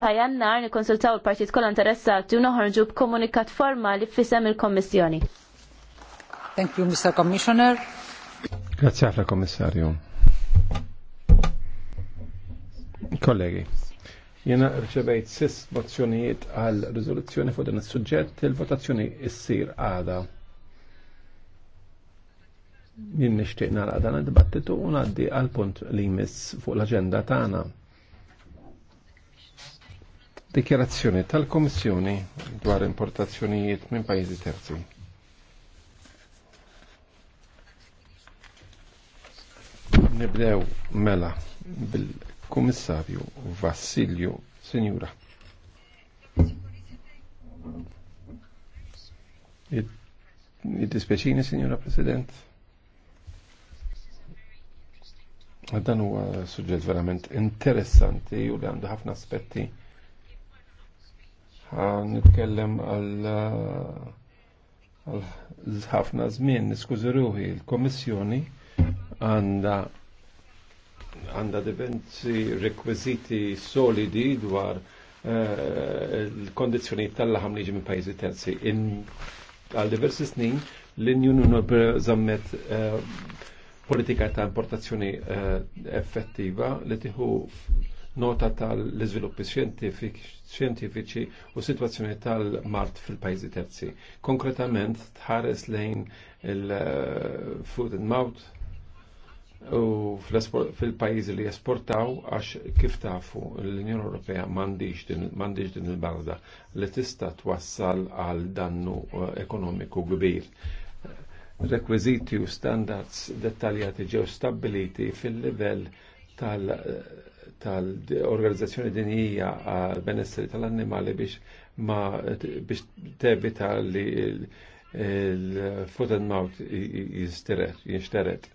ta' jannar nikonsultaw il-partit kollha interessati u noħorġu b'komunikat formali f'isem il-Kommissjoni. Thank you, Mr. Commissioner. Grazie ħafna Kommissarju. Kollegi, jena rċevejt sis mozzjonijiet għal riżoluzzjoni fuq dan is-suġġett il-votazzjoni issir għada. Jien nixtieq nara dan id-dibattitu u ngħaddi għal punt li jmiss fuq l-aġenda tagħna. Dikjerazzjoni tal-Komissjoni dwar importazzjonijiet minn pajjiżi terzi. Nibdew mela bil komissarju Vassilju Sinjura. Id-dispeċini, Sinjura President? Dan huwa suġġett verament interessanti u li għandu ħafna aspetti nitkellem għal ħafna żmien niskużi ruħi l-Komissjoni għandha għandha divenzi rekwiziti solidi dwar eh, l-kondizjoni tal-laħam liġi minn pajjiżi terzi. Għal diversi snin l-Unjoni Europea zammet eh, politika ta' importazzjoni eh, effettiva li tieħu nota tal-iżviluppi xjentifiċi u situazzjoni tal-mart fil-pajzi terzi. Konkretament tħares lejn il-food and mouth u fil pajzi li jesportaw għax kif tafu l-Unjoni Ewropea mandiġ din il-barda li tista' twassal għal dannu uh, ekonomiku kbir. Rekwiziti u standards dettaljati ġew stabiliti fil-livell tal- tal-Organizzazzjoni Dinjija għal benessri tal-annimali biex ma biex tevita li l-foot and mouth jinxteret.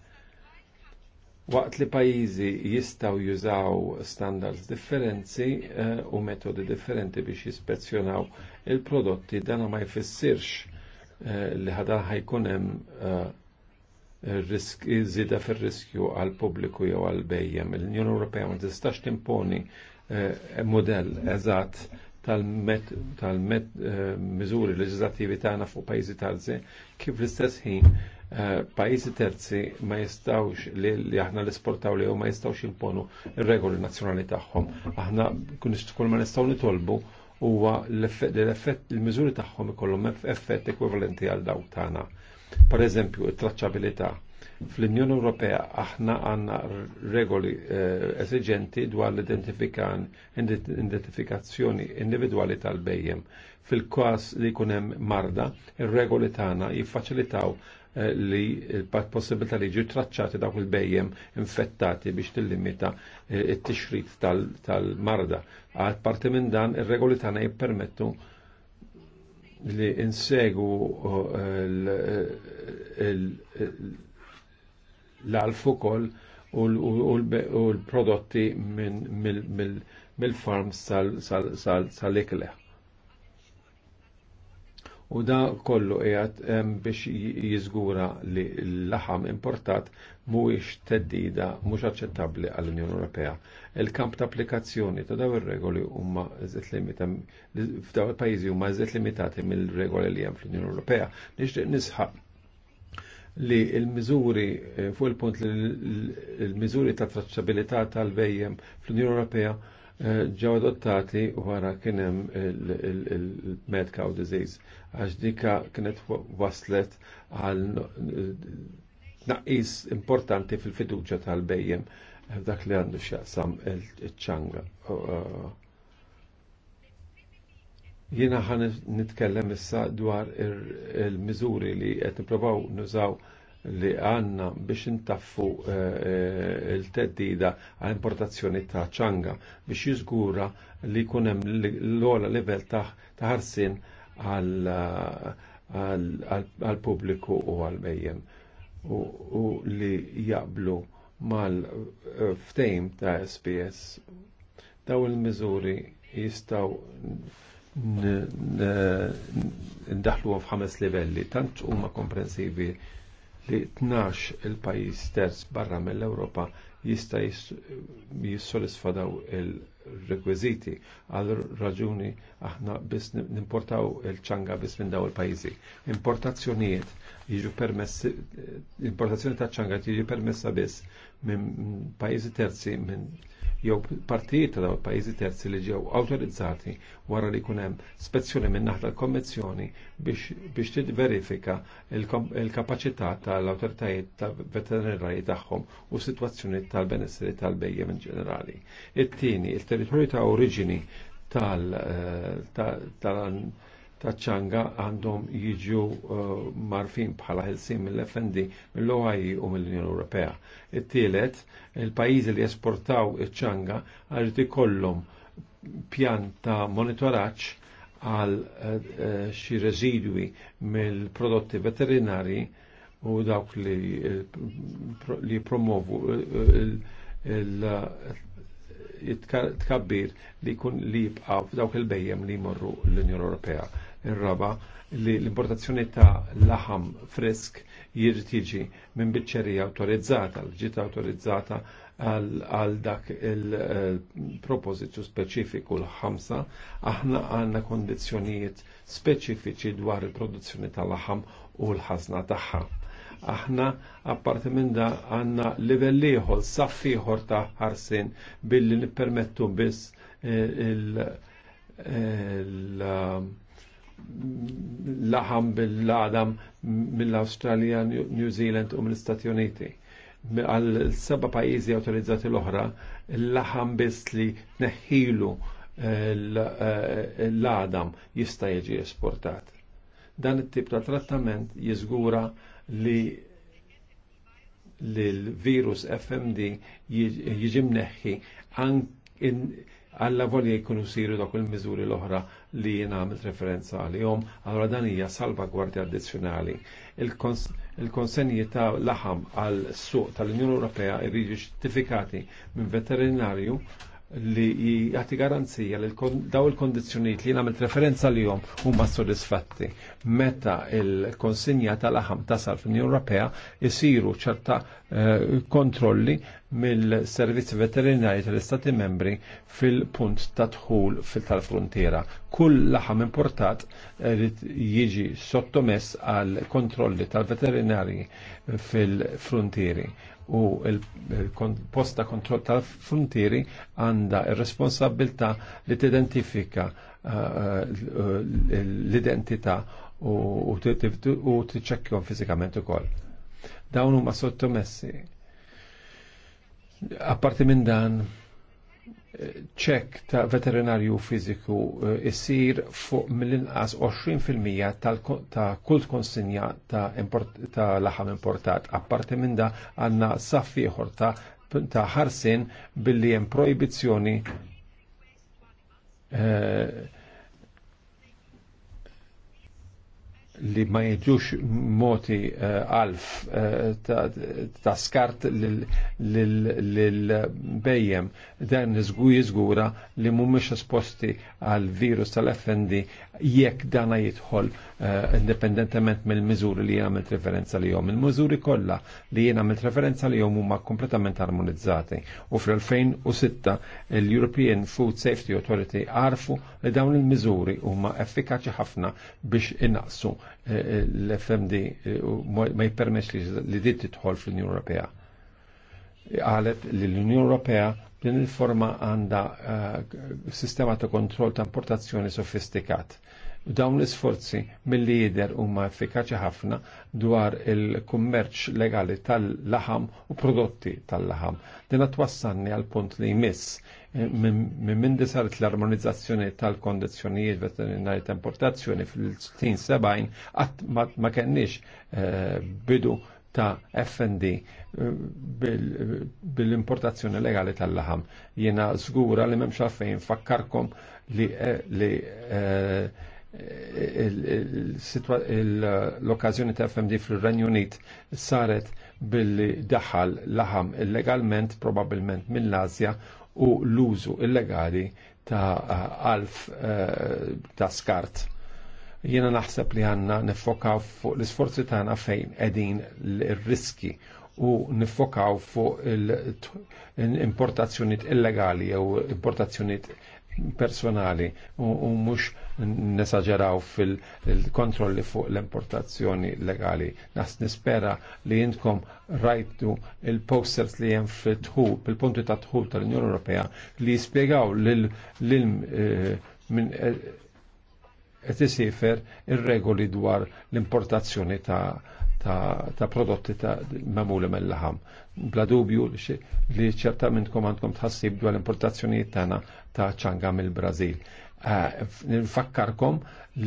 Waqt li pajizi jistaw jużaw standards differenzi eh, u metodi differenti biex jispezzjonaw il-prodotti dana ma jfissirx eh, li ħadaħ ħajkunem eh, zida fil-riskju għal pubbliku jew għal bejjem. L-Unjoni Ewropea ma tistax timponi eh, modell eżatt tal-met eh, miżuri leġislativi tagħna fuq pajjiżi tarzi kif l-istess ħin eh, pajjiżi terzi ma jistawx li aħna l-esportaw li ma jistawx imponu ir-regoli nazzjonali tagħhom. Aħna kunix kull ma nistgħu nitolbu huwa l-effett il-miżuri tagħhom ikollhom effett ekwivalenti għal dawk tagħna Per eżempju, traċċabilità. Fl-Unjoni Ewropea aħna għanna regoli eh, esigenti dwar l-identifikazzjoni individuali tal-bejjem. Fil-kwas li kunem marda, ir-regoli tagħna jiffaċilitaw eh, li possibilità li ġu traċċati dawk il-bejjem infettati biex tillimita eh, it-tixrid tal-marda. Għad parti minn dan ir-regoli tagħna jippermettu li insegu uh, uh, l-alf ukoll u l-prodotti mill-farms sal-ikleħ u da kollu qiegħed biex jiżgura li l-laħam importat mhuwiex teddida mhux aċċettabbli għall-Unjoni Ewropea. Il-kamp ta' applikazzjoni ta' daw ir-regoli huma zet limita f'daw il-pajjiżi huma zet limitati mill-regoli li hemm fl-Unjoni Ewropea. Nixtieq nisħaq li il-miżuri eh, fuq il-punt li l-miżuri ta' traċċabilità tal-vejjem fl-Unjoni Ewropea ġew adottati wara kien hemm il-mad cow disease għax dika kienet waslet għal naqis importanti fil-fiduċa tal-bejjem dak li għandu xaqsam il-ċanga. Jiena ħan nitkellem issa dwar il-miżuri li qed nippruvaw nużaw li għanna biex intaffu eh, eh, il-teddida għal importazzjoni ta' ċanga biex jizgura li kunem l għola level ta' ħarsin għal pubbliku u għal bejjem u li jaqblu mal-ftejm eh, ta' SPS daw il-mizuri jistaw għaf f'ħames livelli, tant huma komprensivi li 12 il-pajis terz barra mill-Europa jista jissolisfadaw il-rekwiziti għal raġuni aħna biss nimportaw il-ċanga biss minn daw il-pajizi. Importazzjonijiet jiġu permessi, importazzjoni ta' ċanga jiġu permessa biss minn pajizi terzi minn jew partijiet ta' dawn pajjiżi terzi li ġew awtorizzati wara li jkun hemm spezzjoni minn naħta l kommissjoni biex tidverifika il-kapaċità tal-awtoritajiet tal-veterinarji tagħhom u s-sitwazzjoni tal-benesseri tal-bejjem in ġenerali. It-tieni, il-territorju ta' oriġini tal- eh, ta' ċanga għandhom jiġu uh, marfin bħala ħelsin mill fnd mill-OAI e u mill-Unjoni Ewropea. It-tielet, il-pajjiżi li esportaw iċ-ċanga għarrid ikollhom pjan ta' monitoraġġ għal uh, uh, xi residwi mill-prodotti veterinari u dawk li, li promovu il-tkabbir li kun li jibqaw dawk il-bejjem li jmorru l-Unjoni Ewropea. Ir-raba li l-importazzjoni ta' laħam fresk jirid tiġi minn biċċerija autorizzata, l ġiet autorizzata għal dak il propozitu speċifiku l-ħamsa, aħna għanna kondizjonijiet speċifiċi dwar il-produzzjoni tal-laħam u l-ħazna tagħha. Aħna apparti minn da għanna livelliħor, saffiħor ta' ħarsin billi nippermettu biss il- laħam bil-ladam mill-Australia, New Zealand u mill-Stati Uniti. Għal seba pajizi autorizzati l-oħra, laħam biss li neħilu eh, l-ladam eh, jista' jiġi esportat. Dan it-tip ta' trattament jiżgura li li l-virus FMD jiġi mneħħi għalla volja jkunu siru dak il-miżuri l-oħra li jena għamilt referenza għal-jom, għalra dan hija salvagwardja addizzjonali. Il-konsenji ta' laħam għal suq tal-Unjoni Ewropea jriġu ċertifikati minn veterinarju li jgħati garanzija li daw il-kondizjoniet li jgħamil referenza li jom huma soddisfatti. Meta il-konsinja tal-aħam tasal fl-Unjoni Ewropea jisiru ċerta eh, kontrolli mill-servizz veterinari tal-Istati membri fil-punt ta' dħul tal-frontiera. Kull laħam importat jiġi sottomess għal kontrolli tal-veterinari fil-frontieri u il-posta kontroll tal-frontieri għanda il-responsabilta li t-identifika l-identità u t-ċekkjon fizikament ukoll. Dawn huma sottomessi Apparti minn dan, ċek ta' veterinarju fiziku eh, issir fuq mill-inqas 20% ta' kull konsinja ta', import, ta laħam importat. Apparti minn da għanna saffi ieħor ta' ta' ħarsin billi hemm proibizzjoni uh, li ma jiġux moti eh, għalf eh, ta' skart l bejjem dan nizgu jizgura li mumiex esposti għal virus tal fnd jekk dana jidħol eh, indipendentement mill-miżuri li għamilt referenza li jom. Il-miżuri kollha li jien għamilt referenza li jom huma kompletament armonizzati. U fl-2006 l-European Food Safety Authority għarfu li dawn il-miżuri huma effikaċi ħafna biex innaqsu eh, l-FMD eh, ma jpermess li dit tidħol fl-Unjoni Ewropea. Għalet li l-Unjoni Ewropea din il-forma għanda uh, sistema ta' kontroll ta' importazzjoni sofistikat. Dawn l-isforzi mill-lider huma effikaċi ħafna dwar il-kummerċ legali tal-laħam u prodotti tal-laħam. Dina twassanni għal punt li jmiss eh, minn min disaret l-armonizzazzjoni tal-kondizjonijiet veterinari ta' importazzjoni fil-1970 għat ma kenniex eh, bidu ta' FND eh, bil-importazzjoni legali tal-laħam. Jena zgura li memx fejn fakkarkom li l-okkazjoni ta' FMD fil-Renju Unit saret billi daħal laħam illegalment probabilment mill-Azja u l-użu illegali ta' alf eh, ta' skart. Jiena naħseb li għanna nifokaw fuq l-isforzi tagħna fejn qegħdin l-riski u nifokaw fuq l-importazzjoniet illegali jew importazzjoniet personali u mhux nesaġeraw fil-kontrolli fuq l-importazzjoni legali. Nas nispera li jintkom rajtu il-posters li jem fil-tħub, punti ta' tħu tal-Unjoni Ewropea li jispiegaw l-ilm eh, minn qed eh, isifer ir-regoli dwar l-importazzjoni ta' ta', prodotti ta' mamula mill-laħam. Bla dubju li ċertament komandkom tħassib dwar l-importazzjonijiet tagħna ta' ċanga mill-Brażil. Eh, nfakkarkom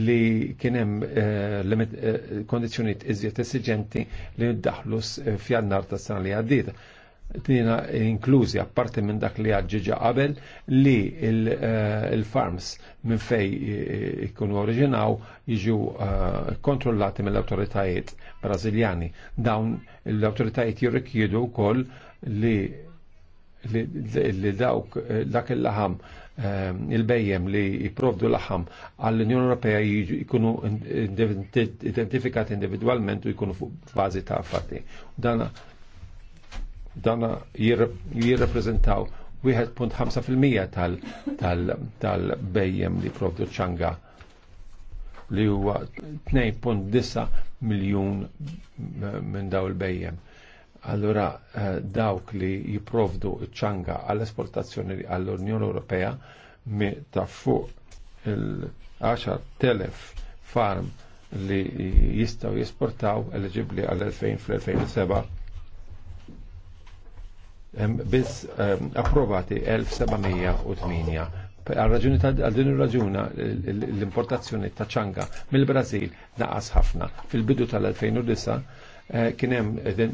li kienem eh, eh, kondizjoniet iżjed esiġenti li daħlu f'jannar ta' san li għaddiet tina inklużi apparti minn dak li għadġiġa qabel li eh, il-farms minn fej ikunu oriġinaw jiġu eh, kontrollati mill-autoritajiet brażiljani. Dawn l-autoritajiet jirrikjedu wkoll li li dawk dak il-laħam eh, il-bejjem li jiprovdu laħam għall-Unjoni Ewropea jkunu identifikati individualment u jkunu fuq bażi ta' fatti. Dana dan jirrepreżentaw 1.5% tal-bejjem li provdu ċanga li huwa 2.9 miljun minn daw il-bejjem. Allora eh, dawk li jiprovdu ċanga għall-esportazzjoni għall-Unjoni Ewropea mi ta' fuq il-10.000 farm li jistaw jisportaw eligibli għal-2000 fl-2007 biss approvati 1708. Għal-raġuni għal-din raġuna l-importazzjoni ta' ċanga mill-Brazil naqas ħafna. Fil-bidu tal-2009 eh, kienem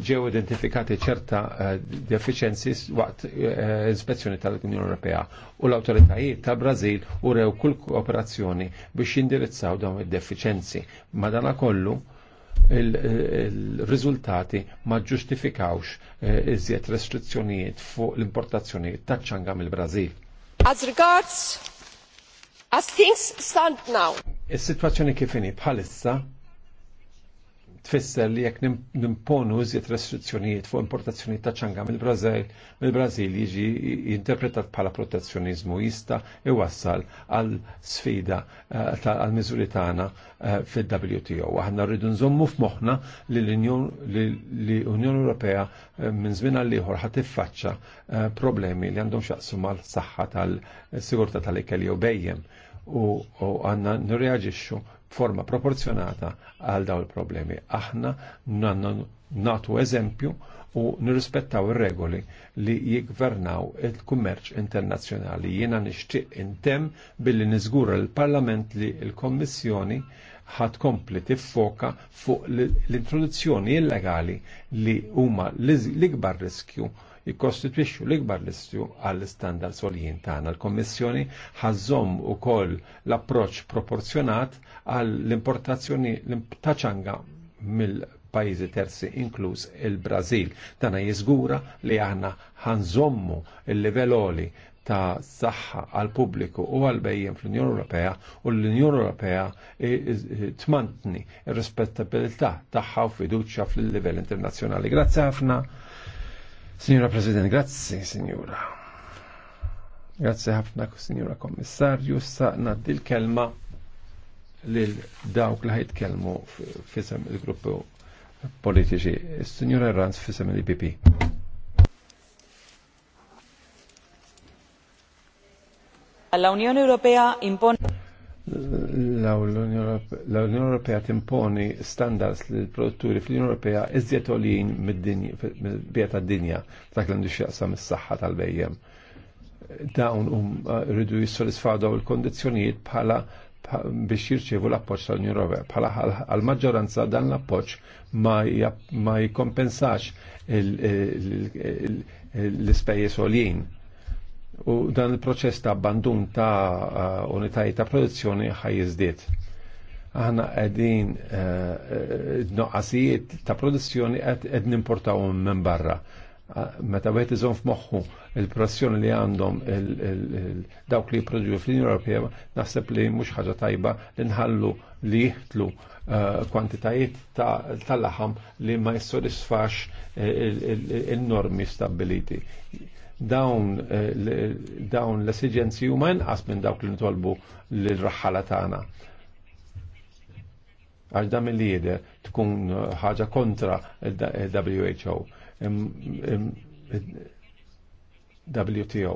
ġew identifikati ċerta eh, deficiencies waqt eh, ispezzjoni tal-Unjoni Ewropea u l-autoritajiet ta' Brazil u rew kull kooperazzjoni biex jindirizzaw dawn id-deficienzi. Madana kollu, il-rizultati ma ġustifikawx eh, iżjed restrizzjonijiet fuq l-importazzjonijiet ta' ċanga mill-Brażil. As regards as things stand now. Is-sitwazzjoni kif inhi bħalissa tfisser li jekk nimponu iżjed restrizzjonijiet fuq importazzjoni ta' ċanga mill-Brażil, mill-Brażil jiġi interpretat bħala protezzjonizmu jista' iwassal għal sfida eh, għal miżuri tagħna eh, fil-WTO. Aħna rridu nżommu f'moħħna li l-Unjoni Ewropea eh, minn żmien għal ieħor ħad tiffaċċa problemi li għandhom x'jaqsu mal-saħħa tal-sigurtà tal-ikel jew bejjem u għandna nirreaġixxu forma proporzjonata għal daw il-problemi. Aħna nannu natu eżempju u nirrispettaw ir-regoli li jigvernaw il-kummerċ internazzjonali. Jiena nixtieq intem billi niżgura l-Parlament li l-Kommissjoni ħad kompli tiffoka fuq l-introduzzjoni illegali li huma l-ikbar riskju jikkostitwixxu l-ikbar listju għall istandards solijin tagħna. L-Kommissjoni ħażomm ukoll l-approċċ proporzjonat għall-importazzjoni ta' ċanga mill pajjiżi terzi inkluż il-Brażil. Dana jiżgura li aħna ħanżommu il-livelloli ta' saħħa għal pubbliku u għal bejjem fl-Unjoni Ewropea u l-Unjoni Ewropea tmantni ir-rispettabilità tagħha u fiduċja fil-livell internazzjonali. Grazzi ħafna. Signora President, grazie, signora. Grazie ħafna, signora Kommissarju, saqna dil-kelma lil dawk li ħajtkellmu fisem il-gruppu politiċi. Signora Ranz fisem il-PP. La Unione Europea impone l-Unjoni Ewropea timponi standards li l-produtturi fl-Unjoni Ewropea iżjed għoljin mid-bija tad-dinja dak li għandu x'jaqsam is-saħħa tal-bejjem. Dawn hum uh, rridu jissodisfaw dawn il-kondizzjonijiet bħala biex jirċevu l-appoċ tal-Unjoni Ewropea. Bħala għal-maġġoranza dan l-appoċ ma jkompensax l-ispejjeż għoljien u dan il-proċess ta' abbandun ta' eh, unitajiet ta' produzzjoni ħaj jizdiet. Aħna qegħdin eh, noqqasijiet ta' produzzjoni qed nimportawhom minn barra eh, meta wieħed iżon f'moħħu il-pressjoni li għandhom dawk li jproduġu fl-Unjoni Ewropea naħseb li mhux ħaġa tajba li nħallu li jihtlu kwantitajiet tal-laħam li ma jissodisfax il-normi stabiliti dawn eh, dawn l-esigenzi huma inqas minn dawk li nitolbu l-raħħala tagħna. Għax dan mill tkun ħaġa kontra il-WHO. WTO.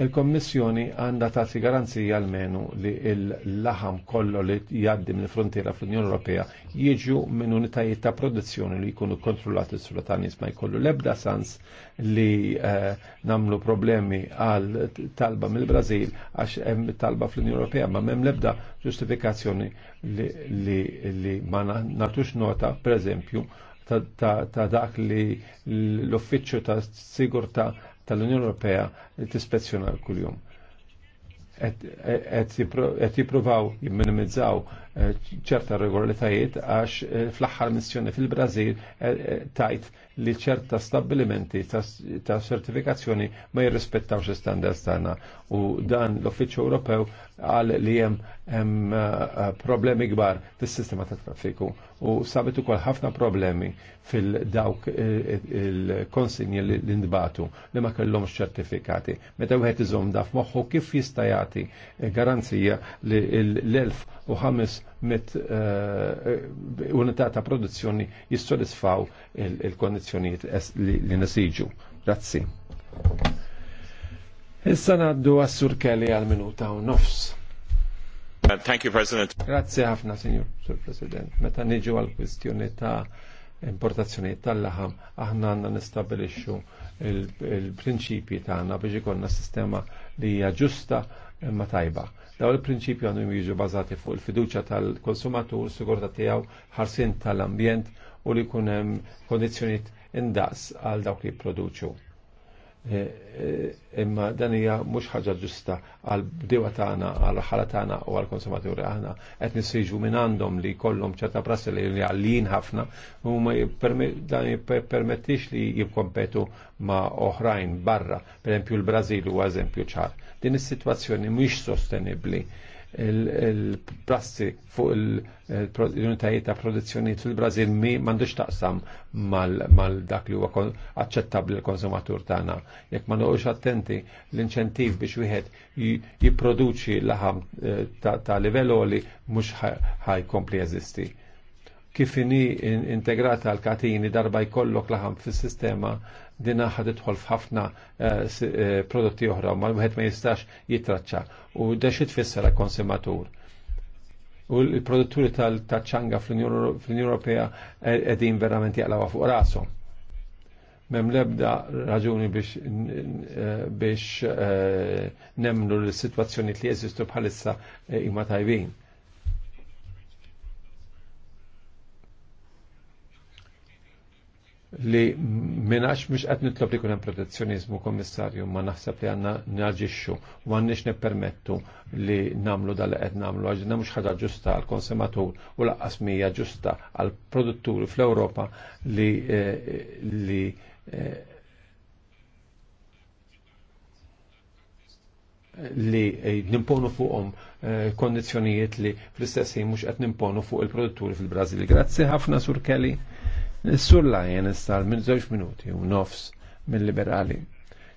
Il-Kommissjoni għandha tagħti garanzija għalmenu li l-laħam kollu li jgħaddi minn frontiera fl-Unjoni Ewropea jiġu minn unitajiet ta' produzzjoni li jkunu kontrollati s sulatanis ma jkollu lebda sans li eh, namlu problemi għal talba mill-Brażil għax hemm talba fl-Unjoni Ewropea ma hemm lebda ġustifikazzjoni li, ma nartux nota, per eżempju, ta' dak li l-uffiċċju ta' sigurta' tal-Unjoni Ewropea li tispezzjona kuljum. Et jippruvaw jimminimizzaw ċerta regolitajiet għax eh, fl-aħħar missjoni fil-Brażil eh, eh, tajt li ċerta stabilimenti ta' ċertifikazzjoni ma jirrispettawx standards tagħna u dan l-Uffiċċju Ewropew għal li hemm problemi kbar fis-sistema ta' traffiku u sabet ukoll ħafna problemi fil-dawk il-konsinji li nbatu li ma kellhomx ċertifikati. Meta wieħed iżomm daf moħħu kif jista' jagħti garanzija li l-1000 u ħames inqas mit eh, unità ta' produzzjoni jissodisfaw il-kondizjonijiet li nesiġu. Grazzi. Issa naddu għassur Kelly għal minuta u nofs. Uh, thank you, President. Grazie ħafna, Signor Sur President. Meta niġu għal kwistjoni ta' importazzjoni tal-laħam, aħna għanna nistabilixxu il-prinċipji tagħna biex ikonna sistema li hija ġusta imma tajba. Daw il-prinċipju għandhom jiġu bażati fuq il-fiduċja tal-konsumatur, sigurta tiegħu, ħarsin tal-ambjent u li jkun hemm kondizzjonijiet indaqs għal dawk li jipproduċu. Eh, eh, imma dan hija mhux ħaġa ġusta għal bdewa tagħna, għal ħala tagħna u għal konsumaturi aħna qed nisiġu minn għandhom li jkollhom ċerta prassi li għallin ħafna u ma dan jippermettix li jikkompetu ma oħrajn barra, pereżempju l-Brażil huwa eżempju ċar. Din is-sitwazzjoni mhix sostenibbli il plastik fuq il-unitajiet ta' produzzjoni fil-Brazil mi m'għandux taqsam mal-dak li huwa aċċettabbli l-konsumatur tagħna. Jekk ma noqgħux attenti l-inċentiv biex wieħed jipproduċi laħam eh, ta' livell oli mhux ħajkompli jeżisti. Kif inhi integrata l-katini darba jkollok laħam fis-sistema dina ħad idħol f'ħafna eh, eh, prodotti oħra ma mal-wieħed ma jistax jitraċċa u da xi tfisser konsumatur. U l-produtturi tal-ċanga fl-Unjoni Ewropea eh, qegħdin verament jaqlawha fuq rashom. Mem lebda raġuni biex nemlu l-situazzjoni li jeżistu bħalissa imma tajbin li minax mux għed nitlob li kunem protezzjonizmu komissarju ma naħseb li għanna naġiċu u għannix nippermettu li namlu dal għed namlu għagġina mux ħagġa ġusta għal konsumatur u laqqas mija ġusta għal produtturi fl-Europa li eh, li eh, li eh, nimponu fuqom kondizjonijiet li fl-istessin mux għed nimponu fuq il-produtturi fil-Brazil. Grazie ħafna, Sur Kelly. Sur Lajen istal minn żewġ minuti u nofs minn liberali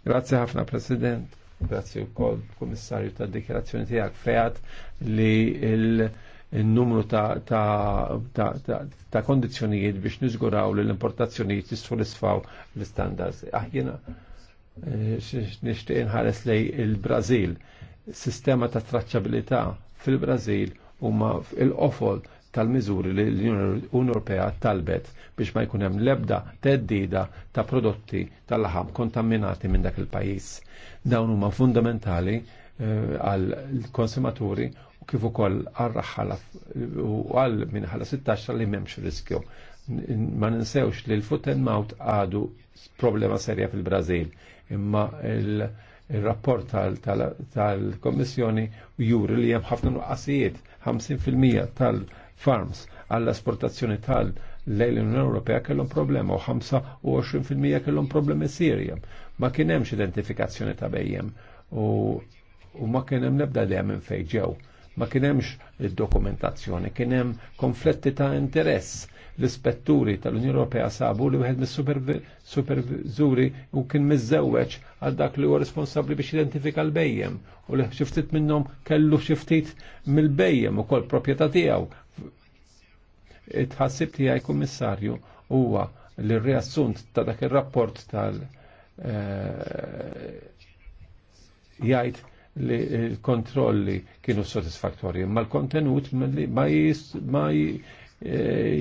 Grazzi ħafna President, u wkoll komissarju tad dikjerazzjoni tiegħek fejat li il- numru ta', ta, ta, ta, ta kondizjonijiet biex nizguraw li l-importazzjonijiet jistfu l-standards. Aħjena, ah, eh, nishtiq inħares li il-Brazil, sistema ta' traċċabilità fil-Brazil huma il-qofol tal-miżuri li l-Unjoni Ewropea talbet biex ma jkun hemm lebda teddida ta' prodotti tal-laħam kontaminati minn dak il-pajjiż. Dawn huma fundamentali eh, għal konsumaturi u kif ukoll għal u għal minn ħala 16 li m'hemmx riskju. Ma ninsewx li l-foot and mouth għadu problema serja fil-Brażil, imma il-rapport tal-Kommissjoni juri li hemm ħafna nuqqasijiet 50% tal- farms għall-esportazzjoni tal lejl l-Unjoni Ewropea kellhom problema u 25% kellhom problemi sirja. Ma kien hemmx identifikazzjoni ta' bejjem u, ma kien hemm nebda dejjem minn fejn ġew. Ma kien hemmx id-dokumentazzjoni, kien hemm konfletti ta' interess l-ispetturi tal-Unjoni Ewropea sabu li wieħed mis-supervizuri u kien miżewweġ għal dak li huwa responsabbli biex identifika l-bejjem u li xiftit minnhom kellu xiftit mill-bejjem ukoll proprjetà tiegħu Tħassib tiegħi kummissarju huwa li reassunt ta' dak ir-rapport tal eh, jgħid li l-kontrolli kienu soddisfaktorji, ma l-kontenut ma eh,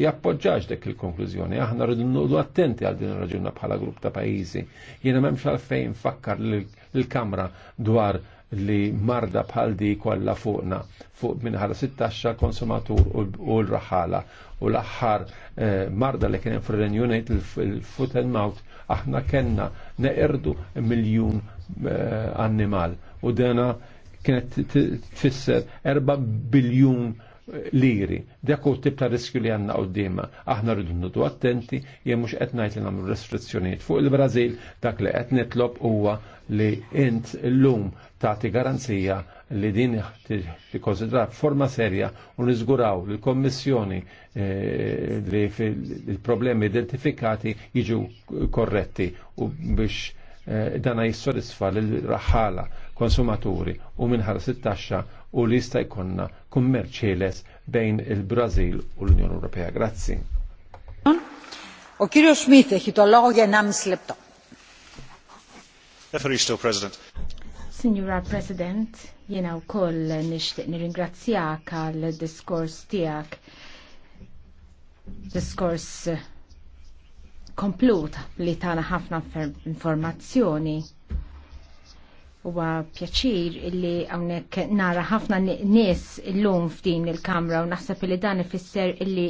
jappoġġax dek il-konklużjoni. Aħna rridu nuqdu attenti għal din raġuna bħala grupp ta' pajjiżi. Jiena m'hemmx għalfejn fakkar l-Kamra dwar li marda bħal di kollha fuqna fuq minħala 16 konsumatur u l-raħala u l-aħħar eh, marda li kien fir Unit il-foot and mouth aħna kenna neqirdu miljun eh, annimal u dena kienet tfisser 4 biljun liri. Dak u tip ta' riskju li għanna d-dima. Aħna rridu nudu attenti, jem mux etnajt li namlu restrizzjoniet. Fuq il-Brazil dak li etnitlob huwa li int l-lum ti garanzija li din konsidra forma serja u niżguraw li l-Kommissjoni eh, li il-problemi identifikati jiġu korretti u biex eh, dana jissodisfa l raħħala konsumaturi u minħar it-taxxa u li jista' jkollna kummerċieles bejn il-Brażil u l-Unjoni Ewropea. Grazzi. U kirjo Schmidt jitollogu e nam slepto. Referisto, President. Signora President, jena u koll nishtiq nirringrazzjak għal diskors tijak. Diskors komplut li tana ħafna informazzjoni Huwa pjaċir li hawnhekk nara ħafna nies llum f'din il-kamra u naħseb li dan ifisser illi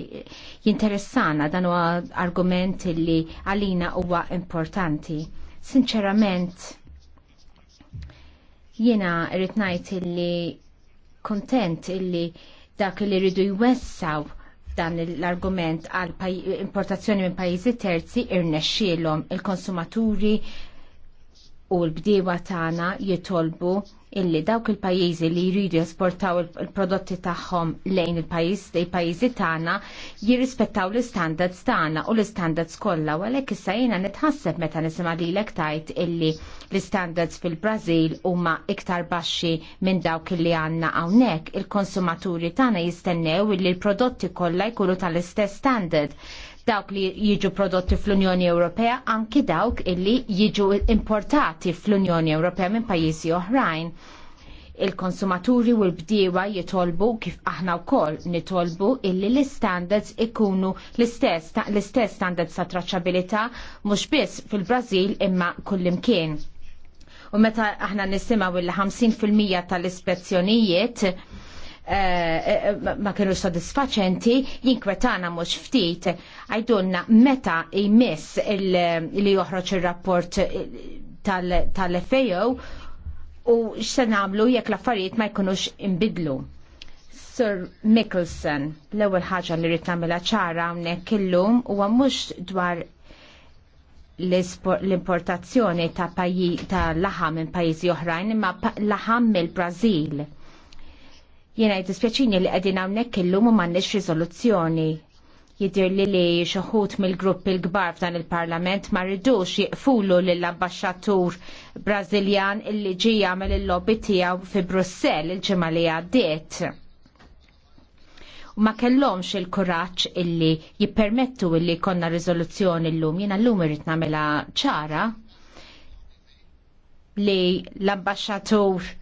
jinteressana dan huwa argument li għalina huwa importanti. Sinċerament, jiena rrid ngħid illi kontent illi dak li rridu jwessaw dan l-argument għal importazzjoni minn pajjiżi terzi irnexxielhom il-konsumaturi, il konsumaturi u l-bdiewa tagħna jitolbu illi dawk il-pajjiżi li jridu jesportaw il-prodotti tagħhom lejn il-pajjiż dei pajjiżi tagħna jirrispettaw l-istandards tagħna u l-istandards kollha u għalhekk issa jiena nitħasseb meta nisimgħa lilek tajt illi l-istandards fil-Brażil huma iktar baxxi minn dawk illi għandna hawnhekk il-konsumaturi tagħna jistennew illi l-prodotti kollha jkunu tal-istess standard dawk li jiġu prodotti fl-Unjoni Ewropea anki dawk illi jiġu importati fl-Unjoni Ewropea minn pajjiżi oħrajn. Il-konsumaturi u l-bdiewa jitolbu kif aħna wkoll nitolbu illi l-standards ikunu l-istess standards ta' traċċabilità mhux biss fil-Brażil imma kullimkien. U meta aħna nisimgħu il-50% tal-ispezzjonijiet Eh, eh, ma kienu sodisfaċenti jinkwetana mhux ftit għajdunna meta jmiss li joħroġ ir-rapport tal-FAO u x'se nagħmlu jekk l-affarijiet ma jkunux imbidlu. Sir Mickelson, l-ewwel ħaġa li rrid nagħmilha ċara hawnhekk illum huwa mhux dwar l-importazzjoni ta' laħam minn pajjiżi oħrajn imma laħam mill-Brażil Jena jiddispjaċini li qegħdin hawnhekk illum u m'għandniex riżoluzzjoni. Jidir li li xoħut mill-grupp il-kbar f'dan il-parlament ma rridux jiqfulu lill-ambasċatur Brażiljan illi ġi jagħmel il-lobby tiegħu fi Brussell il-ġimgħa li għaddiet. U ma kellhomx il-kuraġġ illi jippermettu illi konna riżoluzzjoni llum jiena llum irid nagħmilha ċara li l-ambasċatur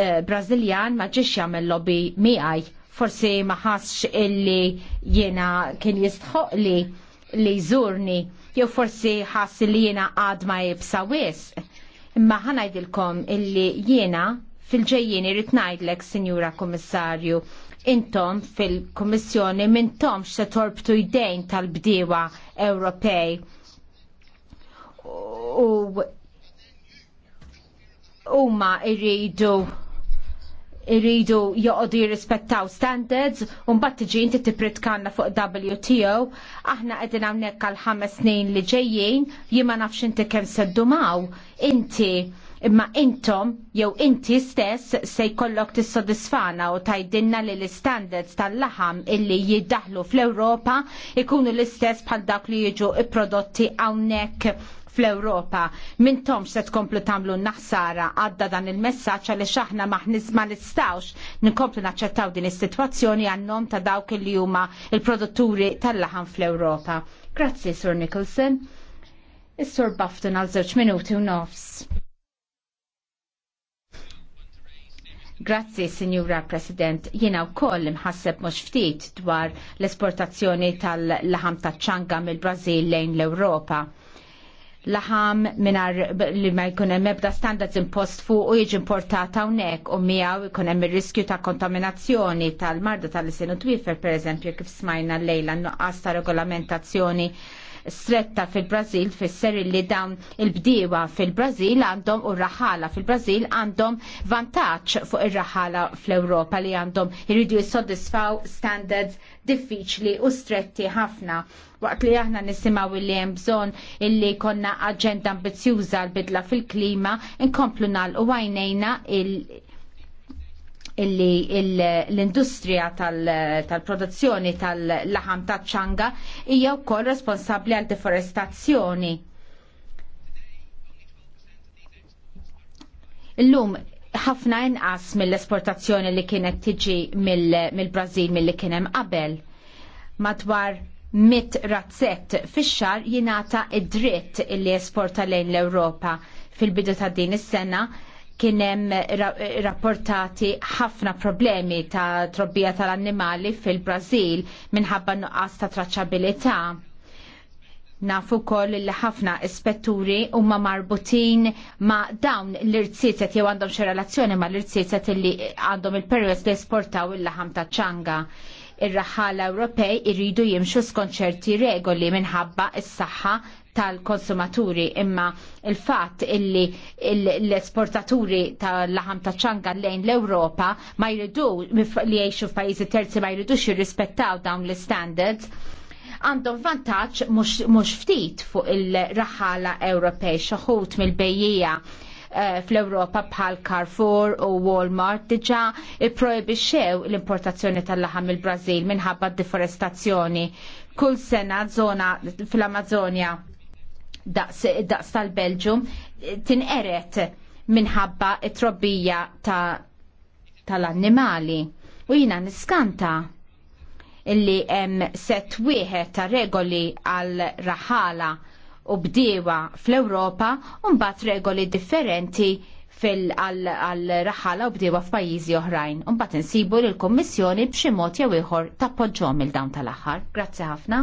Eh, Brazilian ma ġiex jagħmel lobby miegħi. Forsi ma ħassx illi jiena kien jistħoq li li jżurni jew forsi ħass li jiena għadma jibsa wisq. Imma ħanajdilkom illi jiena fil-ġejjien irrid ngħidlek, Sinjura Kummissarju, intom fil-Kummissjoni mintomx se torbtu jdejn tal-bdiewa Ewropej. U huma jridu irridu joqodu jirrispettaw standards un bat tiġi inti kanna fuq WTO aħna qegħdin hawnhekk għal ħames snin li ġejjin ma nafx inti kemm seddumaw inti imma intom jew inti stess se jkollok tissodisfana u tajdinna li l-standards tal-laħam illi jiddaħlu fl-Ewropa ikunu l-istess bħal dak li jiġu i-prodotti hawnhekk fl-Ewropa. tom se tkomplu tamlu naħsara għadda dan il-messaċ għalli xaħna maħniz ma nistawx nkomplu naċċettaw din is-sitwazzjoni għannom ta' dawk li huma il-produtturi tal-laħan fl-Ewropa. Grazzi, Sur Nicholson. Is-Sur Bafton għal żewġ minuti u nofs. Grazzi, Signora President. Jiena u koll imħasseb mux ftit dwar l-esportazzjoni tal-laħam ta' ċanga mill-Brazil lejn l-Europa laħam minar li ma jkun hemm ebda standards impost fuq u jiġi importata hawnhekk u mijaw jkunem hemm ir-riskju ta' kontaminazzjoni tal-marda tal-isin u per pereżempju kif smajna llejla nuqqas ta' regolamentazzjoni stretta fil-Brazil tfisser li dawn il-bdiewa fil-Brazil għandhom u raħala fil-Brazil għandhom vantaġġ fuq ir-raħala fl-Ewropa li għandhom jridu jissodisfaw standards diffiċli u stretti ħafna. Waqt li aħna nisimaw li hemm bżonn illi konna aġenda ambizzjuża l-bidla fil-klima, inkomplu nagħlqu għajnejna il- illi l-industrija tal-produzzjoni tal-laħam ta' ċanga hija wkoll responsabbli għal deforestazzjoni. Illum ħafna inqas mill-esportazzjoni li kienet tiġi mill-Brażil mill-li kien hemm qabel. Madwar mit razzett fix-xar jingħata id-dritt illi esporta lejn l-Ewropa fil-bidu ta' din is-sena kienem rapportati ħafna problemi ta' trobbija tal-annimali fil-Brazil minħabba nuqqas ta' traċabilità. Nafu koll li ħafna ispetturi huma marbutin ma' dawn l-irtsiset jew għandhom xi relazzjoni ma' l-irtsiset li għandhom il-perwess li esportaw il-laħam ta' ċanga ir-raħala Ewropej irridu jimxu skont ċerti regoli minħabba s-saħħa tal-konsumaturi imma il-fatt illi l-esportaturi tal-laħam ta' ċanga lejn l-Ewropa ma jridu li jiexu f'pajjiżi terzi ma jridux jirrispettaw dawn l-standards għandhom vantaġġ mhux ftit fuq il-raħala Ewropej xoħut mill-bejjija eh, fl-Europa bħal Carrefour u Walmart diġa proibixxew l-importazzjoni tal-laħam il brażil minħabba d deforestazzjoni. Kull sena zona fl-Amazonja daqs tal-Belġum tinqeret minħabba t trobbija tal-annimali. Ta U jina niskanta illi hemm set wieħed ta' regoli għal raħala u bdiewa fl-Ewropa u mbagħad regoli differenti fil-raħala u bdiewa f'pajjiżi oħrajn. Mbagħad insibu lill kummissjoni b'xi mod jew ieħor tappoġġhom il dawn tal-aħħar. Grazzi ħafna.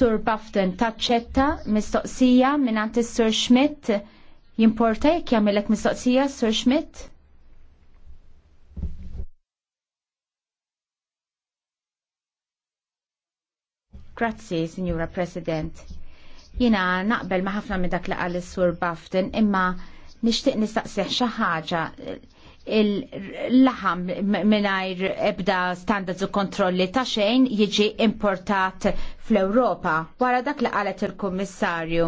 Sur Baften taċċetta mistoqsija minn is-Sur Schmidt jimporta jekk jamilek mistoqsija Sur Schmidt? Grazzi, Signora President. Jina naqbel ma ħafna minn dak li qal is-Sur Baften, imma nixtieq nistaqsih xi ħaġa il-laħam mingħajr ebda standards u kontrolli ta' xejn jiġi importat fl-Ewropa. Wara dak li qalet il-Kummissarju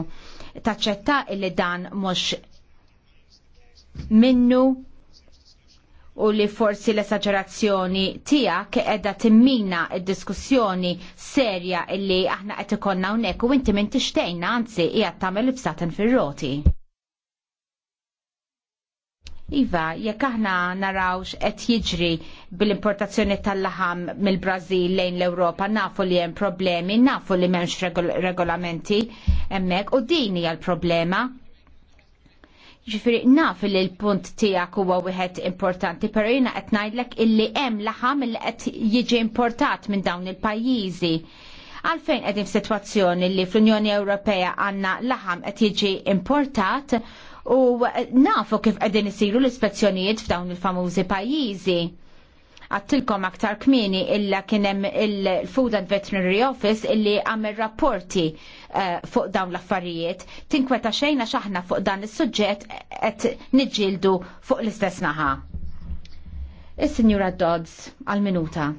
taċċetta li dan mhux minnu u li forsi l-esagerazzjoni tijak edda timmina il diskussjoni serja illi aħna qed ikollna hawnhekk u inti minn tixtejna anzi qiegħed tagħmel ibsaten fir-roti. Iva, jekk aħna narawx qed jiġri bil-importazzjoni tal-laħam mill-Brażil lejn l-Ewropa, nafu li hemm problemi, nafu li m'hemmx regolamenti hemmhekk u din hija l-problema. Ġifieri naf li l-punt tiegħek huwa wieħed importanti, però jiena qed ngħidlek illi hemm laħam li qed jiġi importat minn dawn il-pajjiżi għalfejn qegħdin f'sitwazzjoni li fl-Unjoni Ewropea għandna laħam qed jiġi importat u nafu kif qegħdin isiru l-ispezzjonijiet f'dawn il-famużi pajjiżi. Għattilkom aktar kmini illa kienem il-Food and Veterinary Office illi għamil rapporti eh, fuq dawn l-affarijiet. Tinkweta xejna xaħna fuq dan is-suġġett qed niġġieldu fuq l-istess naħa. Is-Sinjura Dodds għal-minuta.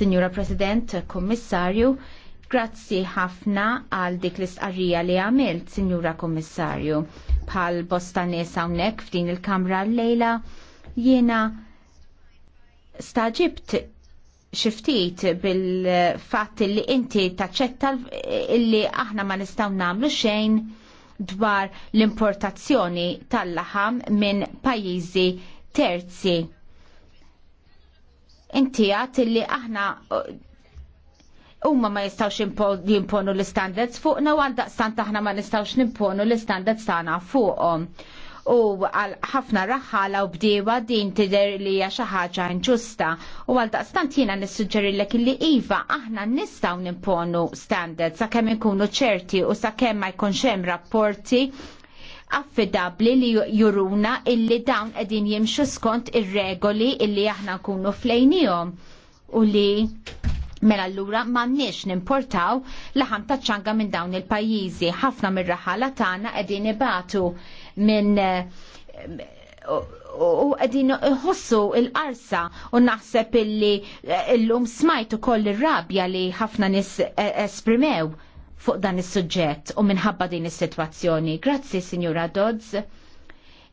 Signora President, Kommissarju, Grazzi ħafna għal dik l-istqarrija li għamilt, Sinjura Kommissarju. Bħal bosta nies hawnhekk f'din il-kamra l-lejla jiena staġibt xiftit bil-fatt li inti taċċetta illi aħna ma nistgħu nagħmlu xejn dwar l-importazzjoni tal-laħam minn pajjiżi terzi. Inti għat li aħna Umma ma jistawx jimponu l-standards fuqna u għaldaqstant aħna ma nistawx nimponu l-standards tana fuqom. U għal ħafna raħħala u bdiewa din tider li hija xi ħaġa inġusta u għal daqstant jiena nissuġġerilek li iva aħna nistgħu nimponu standards sakemm inkunu ċerti u sakemm ma jkunx hemm rapporti affidabli li juruna illi dawn qegħdin jimxu skont ir-regoli illi aħna nkunu flejnihom u li Mela allura m'għandniex nimportaw laħam ta' ċanga minn dawn il-pajjiżi. Ħafna mir-raħala tagħna qegħdin ibatu minn eh, u għedin ħossu il-qarsa u naħseb illi eh, l-lum smajtu koll il-rabja li ħafna nis eh, esprimew fuq dan is-suġġett u minħabba din is-sitwazzjoni. Grazzi, Signora Dodds.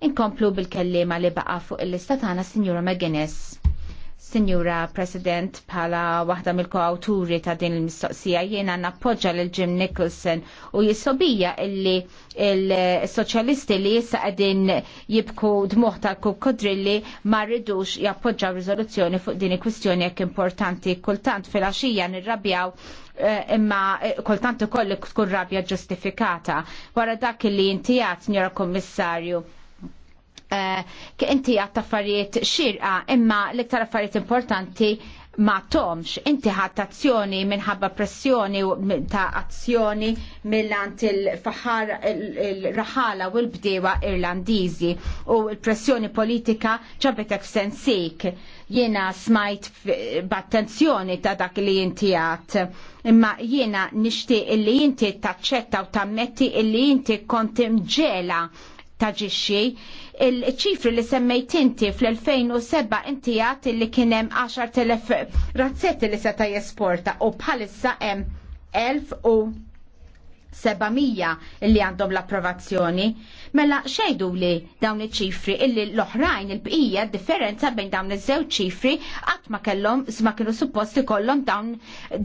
Inkomplu bil-kellima li baqa fuq il-lista tagħna Sinjura McGuinness. Signora President, bħala waħda mill-koawturi ta' din il-mistoqsija, jiena nappoġġa lil Jim Nicholson u jisobija illi il-soċjalisti li jissa qegħdin jibku dmuħ tal-kukodrilli ma rridux jappoġġaw riżoluzzjoni fuq din il-kwistjoni jekk importanti kultant fil-għaxija nirrabjaw eh, imma eh, kultant ukoll tkun rabja ġustifikata. Wara dak li jintijat, njora kommissarju, Eh, inti għat affarijiet xirqa imma l-iktar affarijiet importanti ma tomx inti ħadd azzjoni minħabba pressjoni ta' azzjoni mill-ant il-faħar il-raħala u l-bdewa irlandiżi u l-pressjoni politika ġabetek sensik jiena smajt b'attenzjoni ta' dak li inti għat imma jiena nixtieq illi inti taċċetta u tammetti illi inti kont imġela taġixxi. Il-ċifri li semmejt inti fl-2007 inti għat li kienem 10.000 razzetti li seta jesporta u bħalissa hemm 1700 li għandhom l-approvazzjoni. Mela xejdu li dawn iċ-ċifri illi l-oħrajn il-bqija differenza bejn dawn iż-żewġ ċifri qatt ma kellhom ma kienu supposti kollhom dawn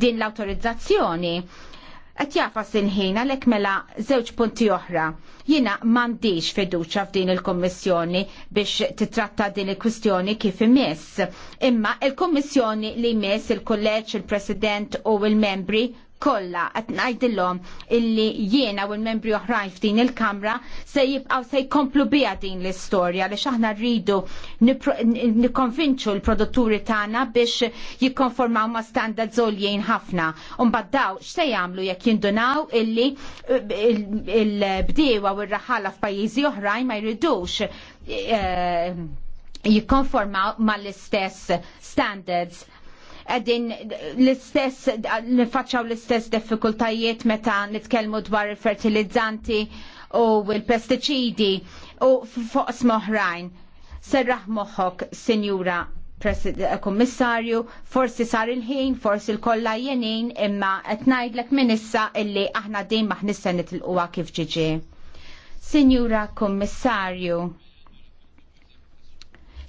din l-awtorizzazzjoni qed jafas il għalhekk mela żewġ punti oħra. Jiena m'għandix fiduċa f'din il-Kummissjoni biex titratta din il-kwistjoni kif imiss. Imma il-Kummissjoni li jmiss il-Kulleġġ, il-President u il-Membri Kolla qed ngħidilhom illi jiena u l-membri oħrajn f'din il-Kamra se jibqgħu se jkomplu biha din l-istorja li aħna rridu nikkonvinċu l-produtturi tagħna biex jikkonformaw ma' standard jien ħafna. U baddaw daw x'se jagħmlu jekk jindunaw illi il-bdiewa u r-raħala f'pajjiżi oħrajn ma jridux eh, jikkonformaw mal-istess standards qegħdin l-istess nifaċċaw l-istess diffikultajiet meta nitkellmu dwar il-fertilizzanti u l-pestiċidi u fuq smoħrajn. Serraħ moħħok, Sinjura eh, Kommissarju, forsi sar il-ħin, forsi l-kolla jenin, imma etnajdlek minissa illi aħna dejjem maħnissa nitilquwa kif ġiġi. Sinjura Kommissarju,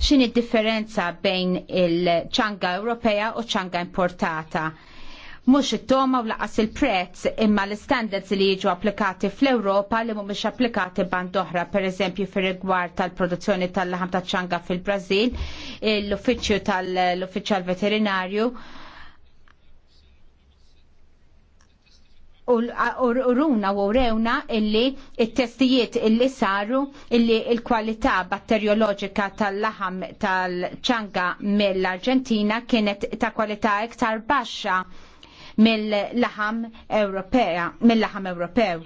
x'in id-differenza bejn il-ċanga Ewropea u ċanga importata. Mhux it-toma u laqas il-prezz imma l-standards li jiġu applikati fl-Ewropa li mhumiex applikati band oħra, pereżempju fir rigward tal-produzzjoni tal-laħam ta' ċanga fil-Brażil, l-uffiċċju tal-uffiċjal veterinarju u u rewna illi il-testijiet illi saru illi il-kwalità batterioloġika tal-laħam tal-ċanga mill-Arġentina kienet ta' kwalità iktar baxxa mill-laħam Ewropea, mill-laħam Ewropew.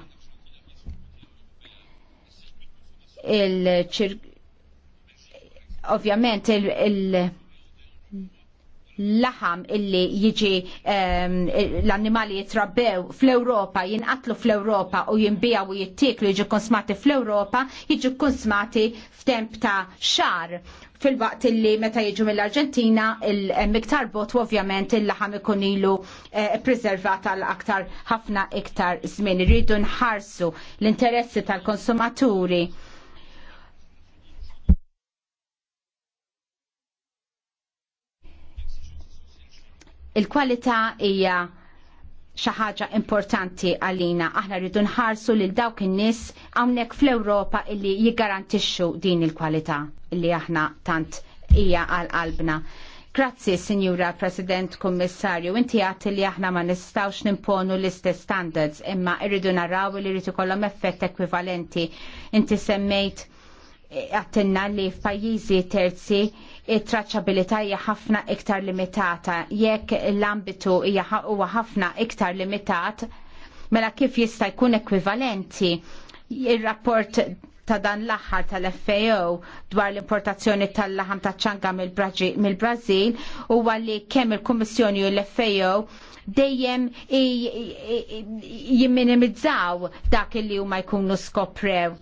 Il-ċirk ovvjament il-, il laħam illi jiġi um, l-annimali jitrabbew fl-Europa, jinqatlu fl-Europa u jinbijaw u jittiklu jiġi konsmati fl-Europa, jiġi konsmati f'temp ta' xar fil-waqt illi meta jiġu mill-Arġentina il-miktar bot ovvjament il-laħam ikun ilu eh, preservat għal aktar ħafna iktar żmien. Irridu nħarsu l-interessi tal-konsumaturi Il-kwalità hija xi ħaġa importanti għalina. Aħna rridu nħarsu lil dawk in-nies hawnhekk fl-Ewropa illi jiggarantixxu din il-kwalità illi aħna tant hija għal qalbna. Grazzi, Sinjura President Kommissarju, inti għat li aħna ma nistawx nimponu l-istess standards, imma irridu naraw li rridu kollom effett ekvivalenti. Inti semmejt għattinna li f'pajjiżi terzi it-traċabilità hija ħafna iktar limitata. Jekk l-ambitu huwa ħafna iktar limitat, mela kif jista' jkun ekwivalenti il-rapport ta' dan l-aħħar tal-FAO dwar l-importazzjoni tal-laħam ta' ċanga mill-Brazil huwa li kemm il-Kummissjoni u l-FAO dejjem jimminimizzaw dak li huma jkunu skoprew